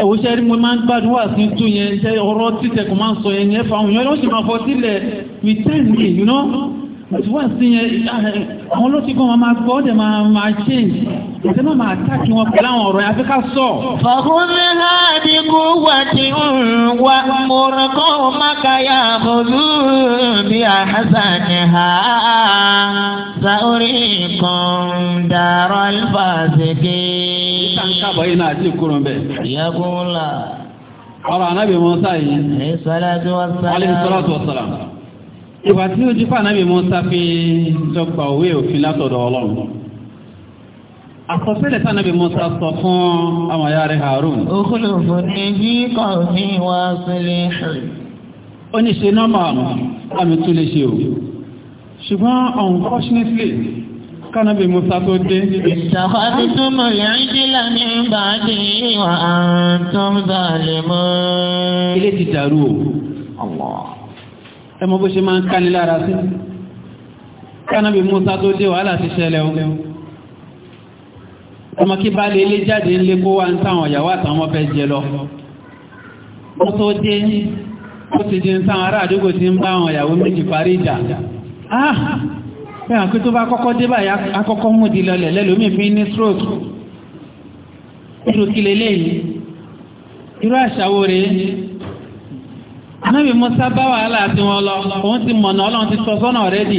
ẹ̀wọ́ ṣe rí mo máa ń gbádùn wà sí tún yẹn ọ̀rọ̀ títẹ̀kùn máa ń sọ yẹn ní ẹ̀fà àwọn èèyàn ló sì máa you know wá sí yẹn eh, àwọn olóṣìkan wọn máa gbọ́ ọ́dẹ̀ máa máa change àti máa máa tàkì wọn pẹ̀lú àwọn ọ̀rọ̀ afẹ́ká sọ. fàkúnlẹ̀ àdínkù wà tí wà mọ̀rọ̀kọ́ mákàyà bọ̀lú bí àhásánì ha sàórí kan dàrọ̀ alfàṣẹ́gẹ́. ìtànkábọ̀ yìí náà àti ìkúrò bẹ́ẹ̀. ìyàgùn la. ọ̀rọ̀ anábìmọ̀ sáyé. alayhi salatu wa salam ìwà tí ó jí fànàbí Mùsá fi dọ́gba òwe òfin látọ̀dọ̀ ọlọ́run àkọsílẹ̀ tánàbí Mùsá sọ fún àwọn ayá rẹ̀ Harun òkúlùfò ní bí kọ̀ ní wá sílé ó ní ṣe nọ́mà àmì tó lè ṣe o ṣùgbọ́n unfortunately kánàbí Mùsá tó dé ilé ti dàrú o Allah ẹmọ bó ṣe máa ń káni lára sí kánábì Musa tó dé wàhálà ti ṣẹlẹ̀ o ọmọ kí bá lè lé jáde ńlé kó wá ń táwọn ìyàwó àtàwọn ọmọ fẹ́ jẹ lọ wọ́n tó dé ó ti di ń táwọn ará àdúgbò ti ń bá àwọn ìyàwó méjì parí ìjà ah bẹ́ẹ̀ àpé tó bá kọ́kọ́ dé báyìí akọ́kọ́ mú di lọlẹ̀ lẹ́lómi fi ní stroke irú kí lélẹ́yìn irú àṣàwò rèé anábì musa bá wàhálà àti wọn lọ òun ti mọ̀nà ọlọ́run ti sọ sọ́nà ọ̀rẹ́dì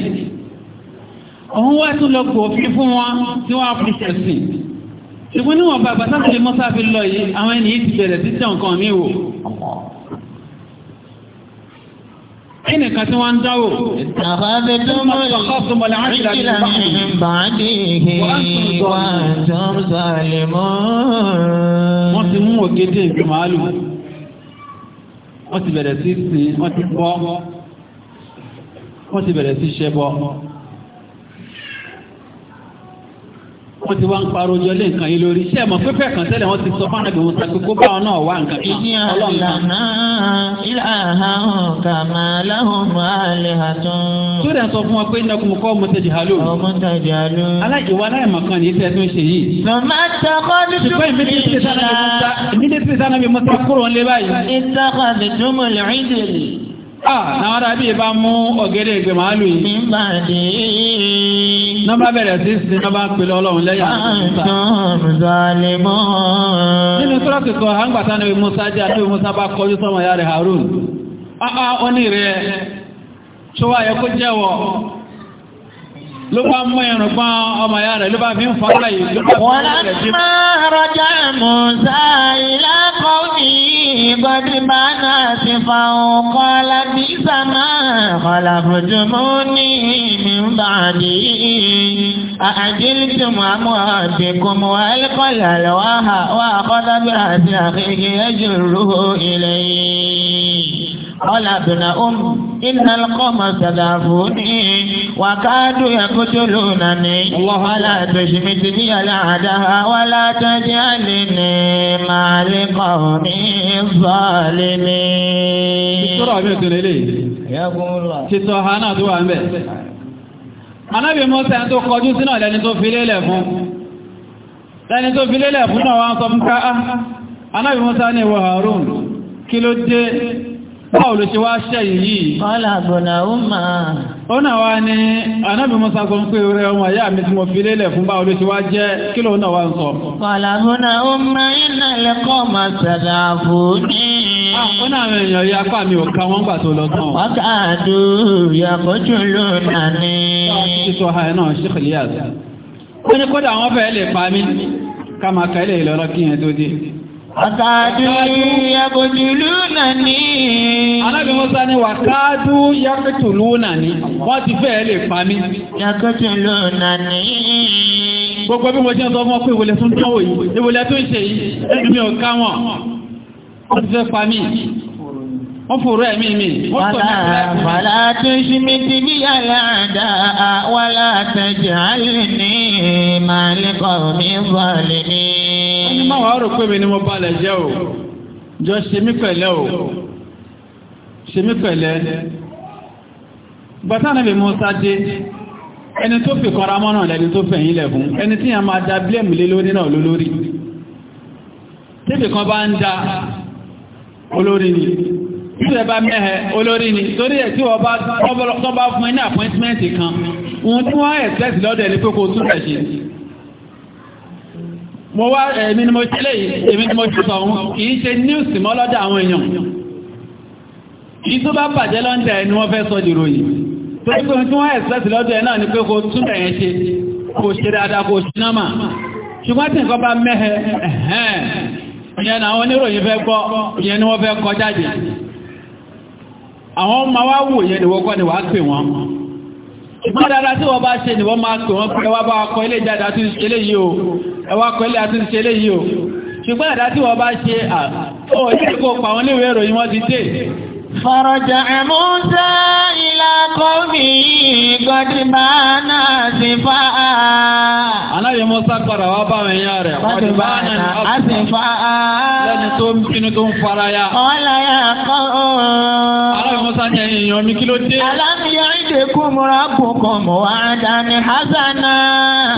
òun wá tún lọ gòfin fún wọn tí wọ́n á fi ṣẹ̀sìn ṣùgbọ́n níwọ̀n bá àgbà sáfìlì musa fi lọ yìí àwọn ènìyàn ti bẹ̀rẹ̀ sí tẹ̀ nǹkan mi wò ẹnì kan tí wọ́n ń dáwò. àbábẹ́ tó mọ̀ ìkìlá bàdé wà tó ń sọ̀lẹ̀ mọ́. wọ́n ti mú òkété ìgbìmọ̀ àlùmọ́ wọ́n ti bẹ̀rẹ̀ sí sin wọ́n ti bọ́ wọ́n ti bẹ̀rẹ̀ sí ṣẹbọ. wọ́n ti wá ń parọ́ ojú ọlé nǹkan yìí lórí iṣẹ́ ìmọ̀ pípẹ́ kan tẹ́lẹ̀ wọ́n ti sọ fún àgbẹ̀ wọn sàkókò bá wọn náà wá nǹkan kan. ìní àlànà ìlànà kàmá láhùn àlẹ́ àtún. sórí àsọ fún wa pé iná kò kọ́ ọmọ tẹ̀jì halo. ọmọ tẹ̀jì halo. aláìjẹwò aláìmọ̀ kan ní ìfẹ́ tó ń ṣe yìí. màmá tọkọ dúdú mi ìlà. ṣùgbọ́n ìmídìí Ah, náà rà bí bá mú ọ̀gẹ́dẹ̀ ìgbè màálù yìí. nígbà tí. nọ́mbà bẹ̀rẹ̀ sí sí nọ́mbà ń pèlè ọlọ́run lẹ́yìn. àtọ̀rọ̀lẹ̀ nínú sọ́ọ̀kì kan àǹgbàtà ni Musa jẹ́ àti Musa bá kọjú sọ́mọ ìyá rẹ̀ Harun. áá ah, ah, ó ní rẹ̀ ṣọwọ́ ayẹ kó jẹ́wọ́ ló bá mú ẹrùn pọ́n ọmọ ìyá rẹ̀ ló bá fi ń fọ́ ọ́lá yìí. wọ́n á máa rọjà Musa ìlà kọ́ọ̀mì ìbọ̀dìbà فقال بئس ما خلفتموني من بعدي أأجلتم أمواتكم وألقى الألواح وأخذ برأس أخيه يجره إليه قال ابن أم إن القوم سلافوني وكادوا يقتلونني ولا تشمت بي العداء ولا تجعلني مع القوم الظالمين. Anábì Mọ́sẹ̀ tó kọjú sínú lẹni tó fi lélẹ̀ Lẹni tó fi lélẹ̀ náà wọ́n sọ fún ní kí ló dé báwo ló ṣe wá ṣẹ́yìn yìí kọ́lá àgbọ̀nà ó máa ó náà wá ní anábì Musa kan pé rẹ ọmọ ayá mi tí mo fi lélẹ̀ fún báwo ló ṣe wá jẹ́ kí ló náà wá ń sọ kọ́lá àgbọ̀nà ó máa iná lẹ́kọ́ máa ṣẹ̀dá fún ní náà rẹ̀ ya apá mi ò ká wọ́n gbà tó lọ tán wákàtú yàkójú Wàkàdù yàgòjìlú nàní. Alábì Musa ni wàkàdù yàgòjìlú nàní. Wọ́n ti fẹ́ lè pa mí. Yàgòjìlú nàní. Gbogbo bí mo jẹ́ sọ fún ọ pé ìwòlè tún dánwò yìí, ìwòlè tún ṣe yìí, ẹni mi ò ká wọn. Wọ́n ti fẹ́ pa mí wọ́n fòrò ẹ̀mí mi. wàlá tó ṣe mi ti bí aláàdá wàlá tẹ̀jẹ̀ àlè ní màálíkọ̀ mi bọ̀ ní ní máa wàá rò pé mi ni mo balẹ̀ jẹ́ o jọ ṣe mí pẹ̀lẹ́ o ṣe mí pẹ̀lẹ́ bàtà náà bí mo sá dé ẹni tó fi kọ́ra mọ́ náà lẹ́ni tó fẹ̀yìn lẹ̀kún ẹni tí a máa da blẹ́mù lé lórí náà lólórí tébì kan bá ń da olórí ni ìṣẹ́ bá mẹ́hẹ olórí ni torí ẹ̀ tí wọ́n bá fún ẹ ní àpọ́ìntímẹ́ǹtì kan ohun tí wọ́n ẹ̀ tẹ́sì lọ́dọ̀ ẹ̀ pé kó tún rẹ̀ ṣe mo wá eh, èmi ni mo tẹ́lẹ̀ yìí èmi ni mo ti sọ wọn kìí ṣe níùsì mọ́ lọ́dọ̀ àwọn èèyàn kìí tó bá bàjẹ́ lọ́ndà ẹni wọ́n fẹ́ sọ dìròyìn tó ní pé tí wọ́n ẹ̀sẹ̀sì lọ́dọ̀ ẹ̀ náà ni pé kò túnbẹ̀ yẹn ṣe kò ṣe dáadáa kò ṣe náà mà ṣùgbọ́n tí nǹkan bá mẹ́hẹ ẹ̀hẹ́n ìyẹn ni àwọn oníròyìn fẹ́ gbọ́ ìyẹn ni tí wọ́n bá ṣe ni wọ́n máa pè wọ́n pé wọ́n bá kọ ilé ìjáde àti eléyìí o ẹwà pẹ̀lẹ́ àti ṣe léyìí o ṣùgbọ́n àdá tí wọ́n bá ṣe à ó yẹ kó pa wọn ti dé فرجع موسى إلى قومه غضبان آسفا Aláyé Mọ́sá padà wá bá àwọn èèyàn rẹ̀. Bàdìbánà àsìfà. Lẹ́ni tó ń bínú tó ń fara ya. Ọ̀la ya kọ́ ọ́. Aláyé Mọ́sá ní ẹ̀yìn èèyàn mi kí ló dé? Alámiyá ìdè kú múra kù kọ̀ mọ́ wá dání Hásánà.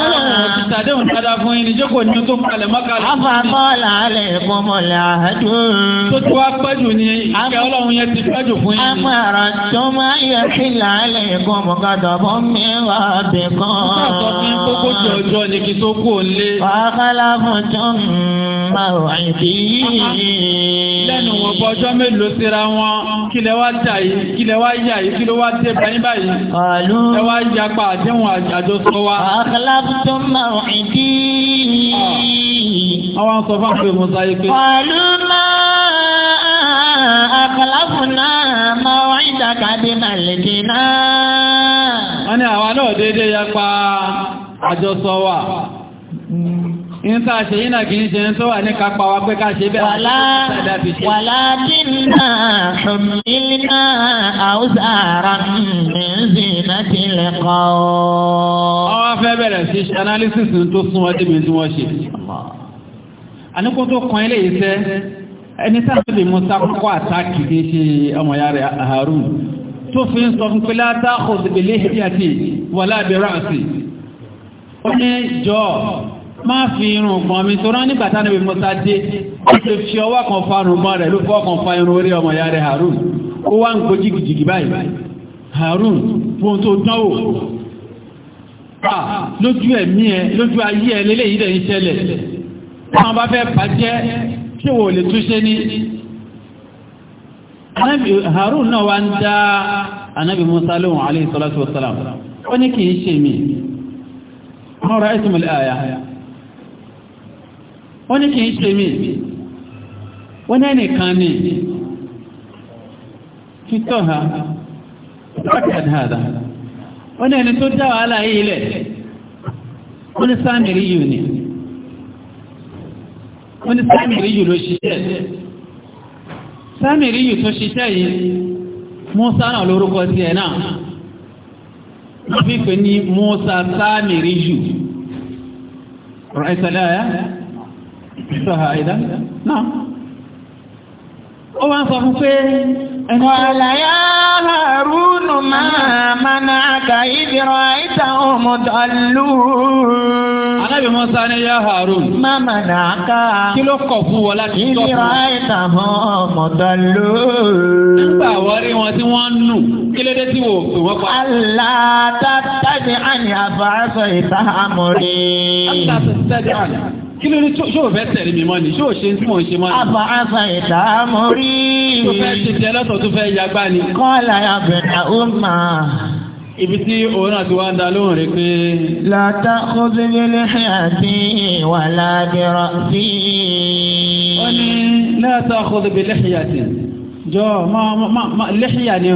Kọ́lọ̀ síwájú fún yín. amara tó máa yẹ sí làálẹ̀ kan bùkátà bọ́ mi wà bẹ̀ kan. ọ̀sán sọ fún kókó tí ọjọ́ ni kí tó kú òlé. wàhálà fún tó ń bá wà ìdí. lẹ́nu wọn bọ mélòó síra wọn kí lẹ wá jà yìí kí lẹ wá yà yìí kí ló wá dé báyìí báyìí. ọ̀lú. ẹ wá yapa àdéhùn àjọsọ wa. wàhálà fún tó ń bá wà ìdí. àwọn sọ fún àpè musa pé. ọ̀lú náà. àkàlàfùnà mọ́ ìjàkadì nàlèdìnà. wọ́n ni àwọn náà dédé yapa àjọsọ wa ìta ṣe yínà kìí ṣe tó wà ní kápá wa pé ká ṣe bẹ́ẹ̀ wàlá dínà ṣùmílínà àwùsàrà mìíràn ti lè kọ́ ẹni táwọn lè mú sákọ́kọ́ àtàkì kìí ṣe ọmọ ya rẹ̀ Harun tó fi ń sọ fún pé látàkù ilé ìyàtì wà láàbẹ̀rẹ̀ àti ó ní jọ máa fi irun kan mi tó rán nígbàtá níbi Musa dé ó ti fi ọwọ́ kan fa irùngbọ̀n rẹ̀ ló fọ́ kan fa irun orí ọmọ ya rẹ̀ Harun ó wá ń lójú ẹ̀mí ẹ lójú ayé ẹ lélẹ́yìí dẹ̀ ń ṣẹlẹ̀ wọ́n bá fẹ́ bàjẹ́ tí wọ́n lè túnṣe ní Harun náà wá ń dá anábì Musa lóhun alayhi salatu wasalam ó ní kìí ṣe mi ọ̀rọ̀ ẹ̀sùn àyà ó ní kìí ṣe mi ó ní ẹnìkan ní títọ́ ha ó ní ẹni tó dá wàhálà yìí lẹ̀ ó ní sáàmì rí yìí wọ́n ní sáàmìrí yìí ló ṣiṣẹ́ sáàmìrí yìí tó ṣiṣẹ́ yìí Musa náà lórúkọ tiẹ̀ náà wọ́n fi pè ní Musa sáàmìrí yìí rọ̀ẹ́sẹ̀lẹ̀ ayá sọ̀hà ìdá náà ó wá ń sọ fún pé ẹni wàhálà yá Harunu máa mánà àkàyè ìbírọ̀ àìsàn Anábì Musa ní yá Harun. Máma nà ká. Kí ló kọ̀ fún wọn láti tọ́ fún? Ìlera ìtàn ọmọdé ló. Nígbà wọrí wọn tí wọ́n nù, kí ló dé tí wò pè wọ́n pa? Àlá tàbí àní àbáṣọ ìta àmọ̀rí. kí ló ní ṣòwò fẹ́ tẹ̀lé mi mọ́ ni ṣòwò ṣe tí mò ń ṣe mọ́ ni. àbá àṣà ìdààmú tó fẹ́ ṣe tiẹ̀ lọ́sọ̀ọ́ tó fẹ́ yagbá ni. kọ́lá abẹ̀dà ó máa ibi tí òun àti wá ń da lóhùn rí pé. látà kọ́sílélé àti wà ládìrọ̀ sí i. ó ní látà kọ́sílélé àti jọ máa máa lẹ́yìn àní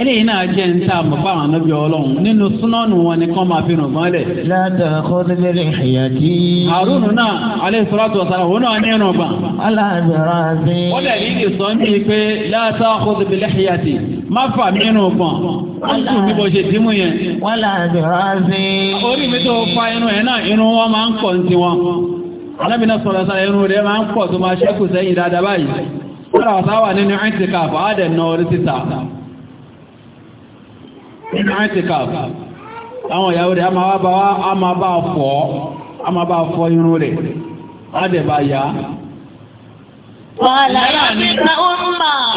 eléyìí náà jẹ́ ń ta àmọ́ fáwọn anábì ọlọ́run nínú súnánù wọn ni kán máa fi rùn gbọ́n lẹ̀. láti àkọsílẹ̀ ìyàtí. àrùn náà alẹ́ sọ́láàtù ọ̀sára òun náà ní ẹ̀rùn gbà. aláàbẹ̀rẹ̀ àti. ó lè ní ìsọ ní pé láti àkọsílẹ̀ ìyàtí má fà mí ẹ̀rùn gbọ̀n ó sì mi bọ̀ ṣe dìímù yẹn. wọ́n láàbẹ̀rẹ̀ àti. orí mi tó fa inú ẹ̀ náà inú wọn máa ń pọ̀ nínú antikaf àwọn ìyàwó rẹ̀ a máa bá fọ́ a máa bá fọ́ irun rẹ̀ a dẹ̀ bá yá.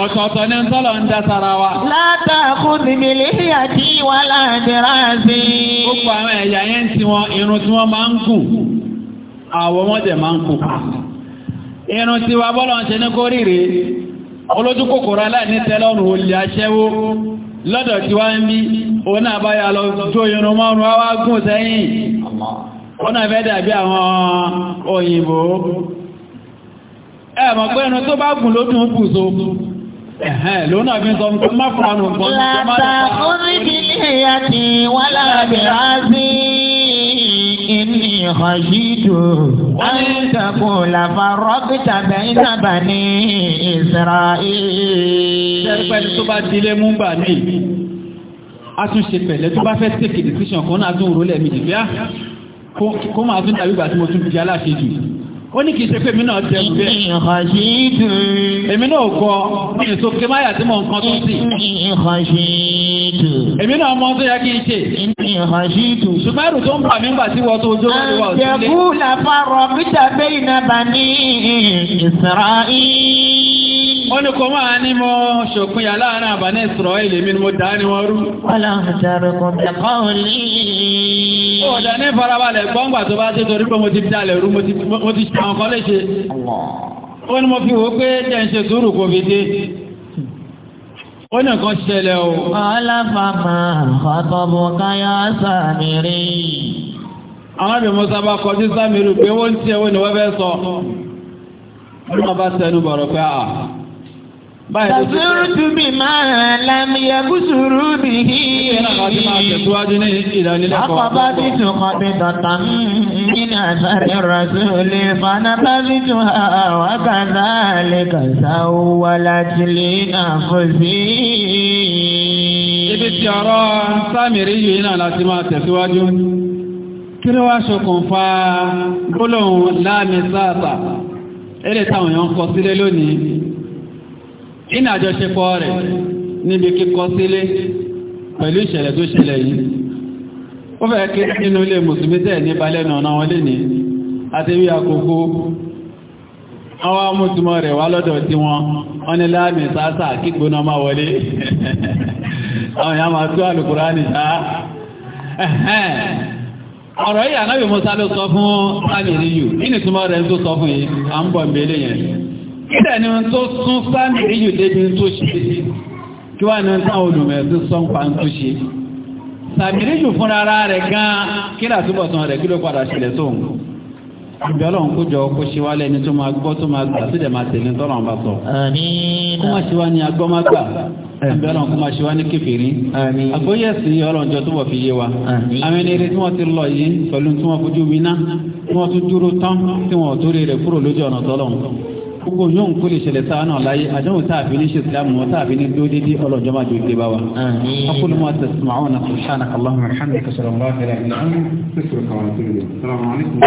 Ọ̀tọ̀ọ̀tọ̀ ni ń ń dá wa. Látàkùn tìmìlì àwọn ẹ̀yà yẹn ti wọn irun tí wọ́n máa ń kù, àwọ̀ wọn dẹ̀ máa olójú kòkòrò aláìní tẹ́lọ́rùn olè aṣẹ́wó lọ́dọ̀ tí wá ń bí òun náà bá yà lọ tó irun márùn-ún wá gùn sẹ́yìn òun náà fẹ́ dàbí àwọn òyìnbó ẹ̀mọ̀ pé irun tó bá gùn ló dùn kù so ló náà fi sọ fún má خشيت أن تقول فرقت بين بني إسرائيل. Ṣẹ́rìpẹ́ni tó bá dilé mú gbà mí, a tún ṣe pẹ̀lẹ́ tó bá fẹ́ tèkè decision kan náà tún rò lẹ́mìí bí á kó máa tún dàbí ìgbà mo tún di aláṣejù ó ní kì í ṣe pé èmi náà jẹ bẹ́ẹ̀. ìhànṣí dùn. èmi náà gbọ́ ní ìsókè máyà tí mò ń kan tó sí. ìhànṣí dùn. èmi náà mọ tó yẹ kí n ṣe. ṣùgbọ́n ẹrù tó ń bà mí gbà tí wọ́n tó ojú wọn wà sílé. àjẹkù làfàrọ̀ peter bẹ́ẹ̀ náà bá ní ó ní kò máa ní mọ́ ṣòkun yà láàrin àbáná ìsọ̀rọ̀ ilé mi ni mo dá ní wọ́n rú. ọ̀dà ní farabalẹ̀ gbọ́ngbà tó bá tẹ́ torí pé mo ti dalẹ̀ rú mo ti ṣe àwọn kan léṣe ó ní mo nǹkan ṣẹlẹ̀ o. ọlọ́fàmà ọ̀tọ̀bù káyọ̀ sàmìrì. àwọn ìbí musa bá kọjú sàmìrì pé wọ́n ń tiẹ̀ ni wọ́n fẹ́ sọ. wọ́n bá tẹnu bọ̀rọ̀ pé a. Bàtúrútù bí máa lámìyà gúúsùrú bí i. Àkọ́bá bí tún kọ́ bí tọ̀tà nínú àṣàrí rọ̀sùlé fanábá bí tún àwọn kàdá lè kàṣà wà láti lè náà fún sí. Ibi tí ọ̀rọ̀ Sámìrí yìí náà láti máa tẹ̀síwájú. Kí ló wá ṣokùnfà gbólóhùn láàmì sáàtà? Eré táwọn èèyàn kọ sílé lónìí. Ị àjọṣepọ̀ rẹ̀ níbi kíkọ sílé pẹ̀lú ìṣẹ̀lẹ̀ tó ṣẹlẹ̀ yìí ó fẹ́ kí nínú ilé mùsùlùmí tẹ̀ ní balẹ̀nà ọ̀nà wọn lè ní àti wí àkókò àwọn rẹ̀ wá lọ́dọ̀ tí wọn wọ́n ni láàmì sáàsà kí gbóná wọlé kídà ni wọn tó sún sáàmì ríyù débi tó ṣe kí wà ní táwọn olùmẹ̀sí sọ́npa tó ṣe sàmì ríyù fún ara rẹ̀ gan kídà túbọ̀ tán rẹ̀ kí ló padà ṣẹlẹ̀ tó ń ìbẹ̀lọ́n kó jọ kó ṣe wá lẹ́ni tó máa gbọ́ tó máa gbà sídẹ̀ máa tẹ̀lé tọ́lọ̀ bá sọ kó máa ṣe wá ní agbọ́ máa gbà ìbẹ̀lọ́n kó máa ṣe wá ní kékeré àgbóyẹ̀ sí ọlọ́njọ́ tó wọ̀ fi yé wa àwọn ẹni tí wọ́n ti lọ yìí pẹ̀lú tí wọ́n fojú winá tí wọ́n tún dúró tán tí wọ́n tó rí rẹ̀ kúrò lójú ọ̀nà tọ́lọ̀ gbogbo yóò kó lè ṣẹlẹ̀ sáà náà láyé àdéhùn tààfin ní ṣèṣìlámù wọn tààfin ní dúró dédé ọlọ́jọ́ máa dúró dé bá wa. akólú máa tẹ̀sán àwọn ọ̀nà sọ̀rọ̀ ṣáà náà kàlọ́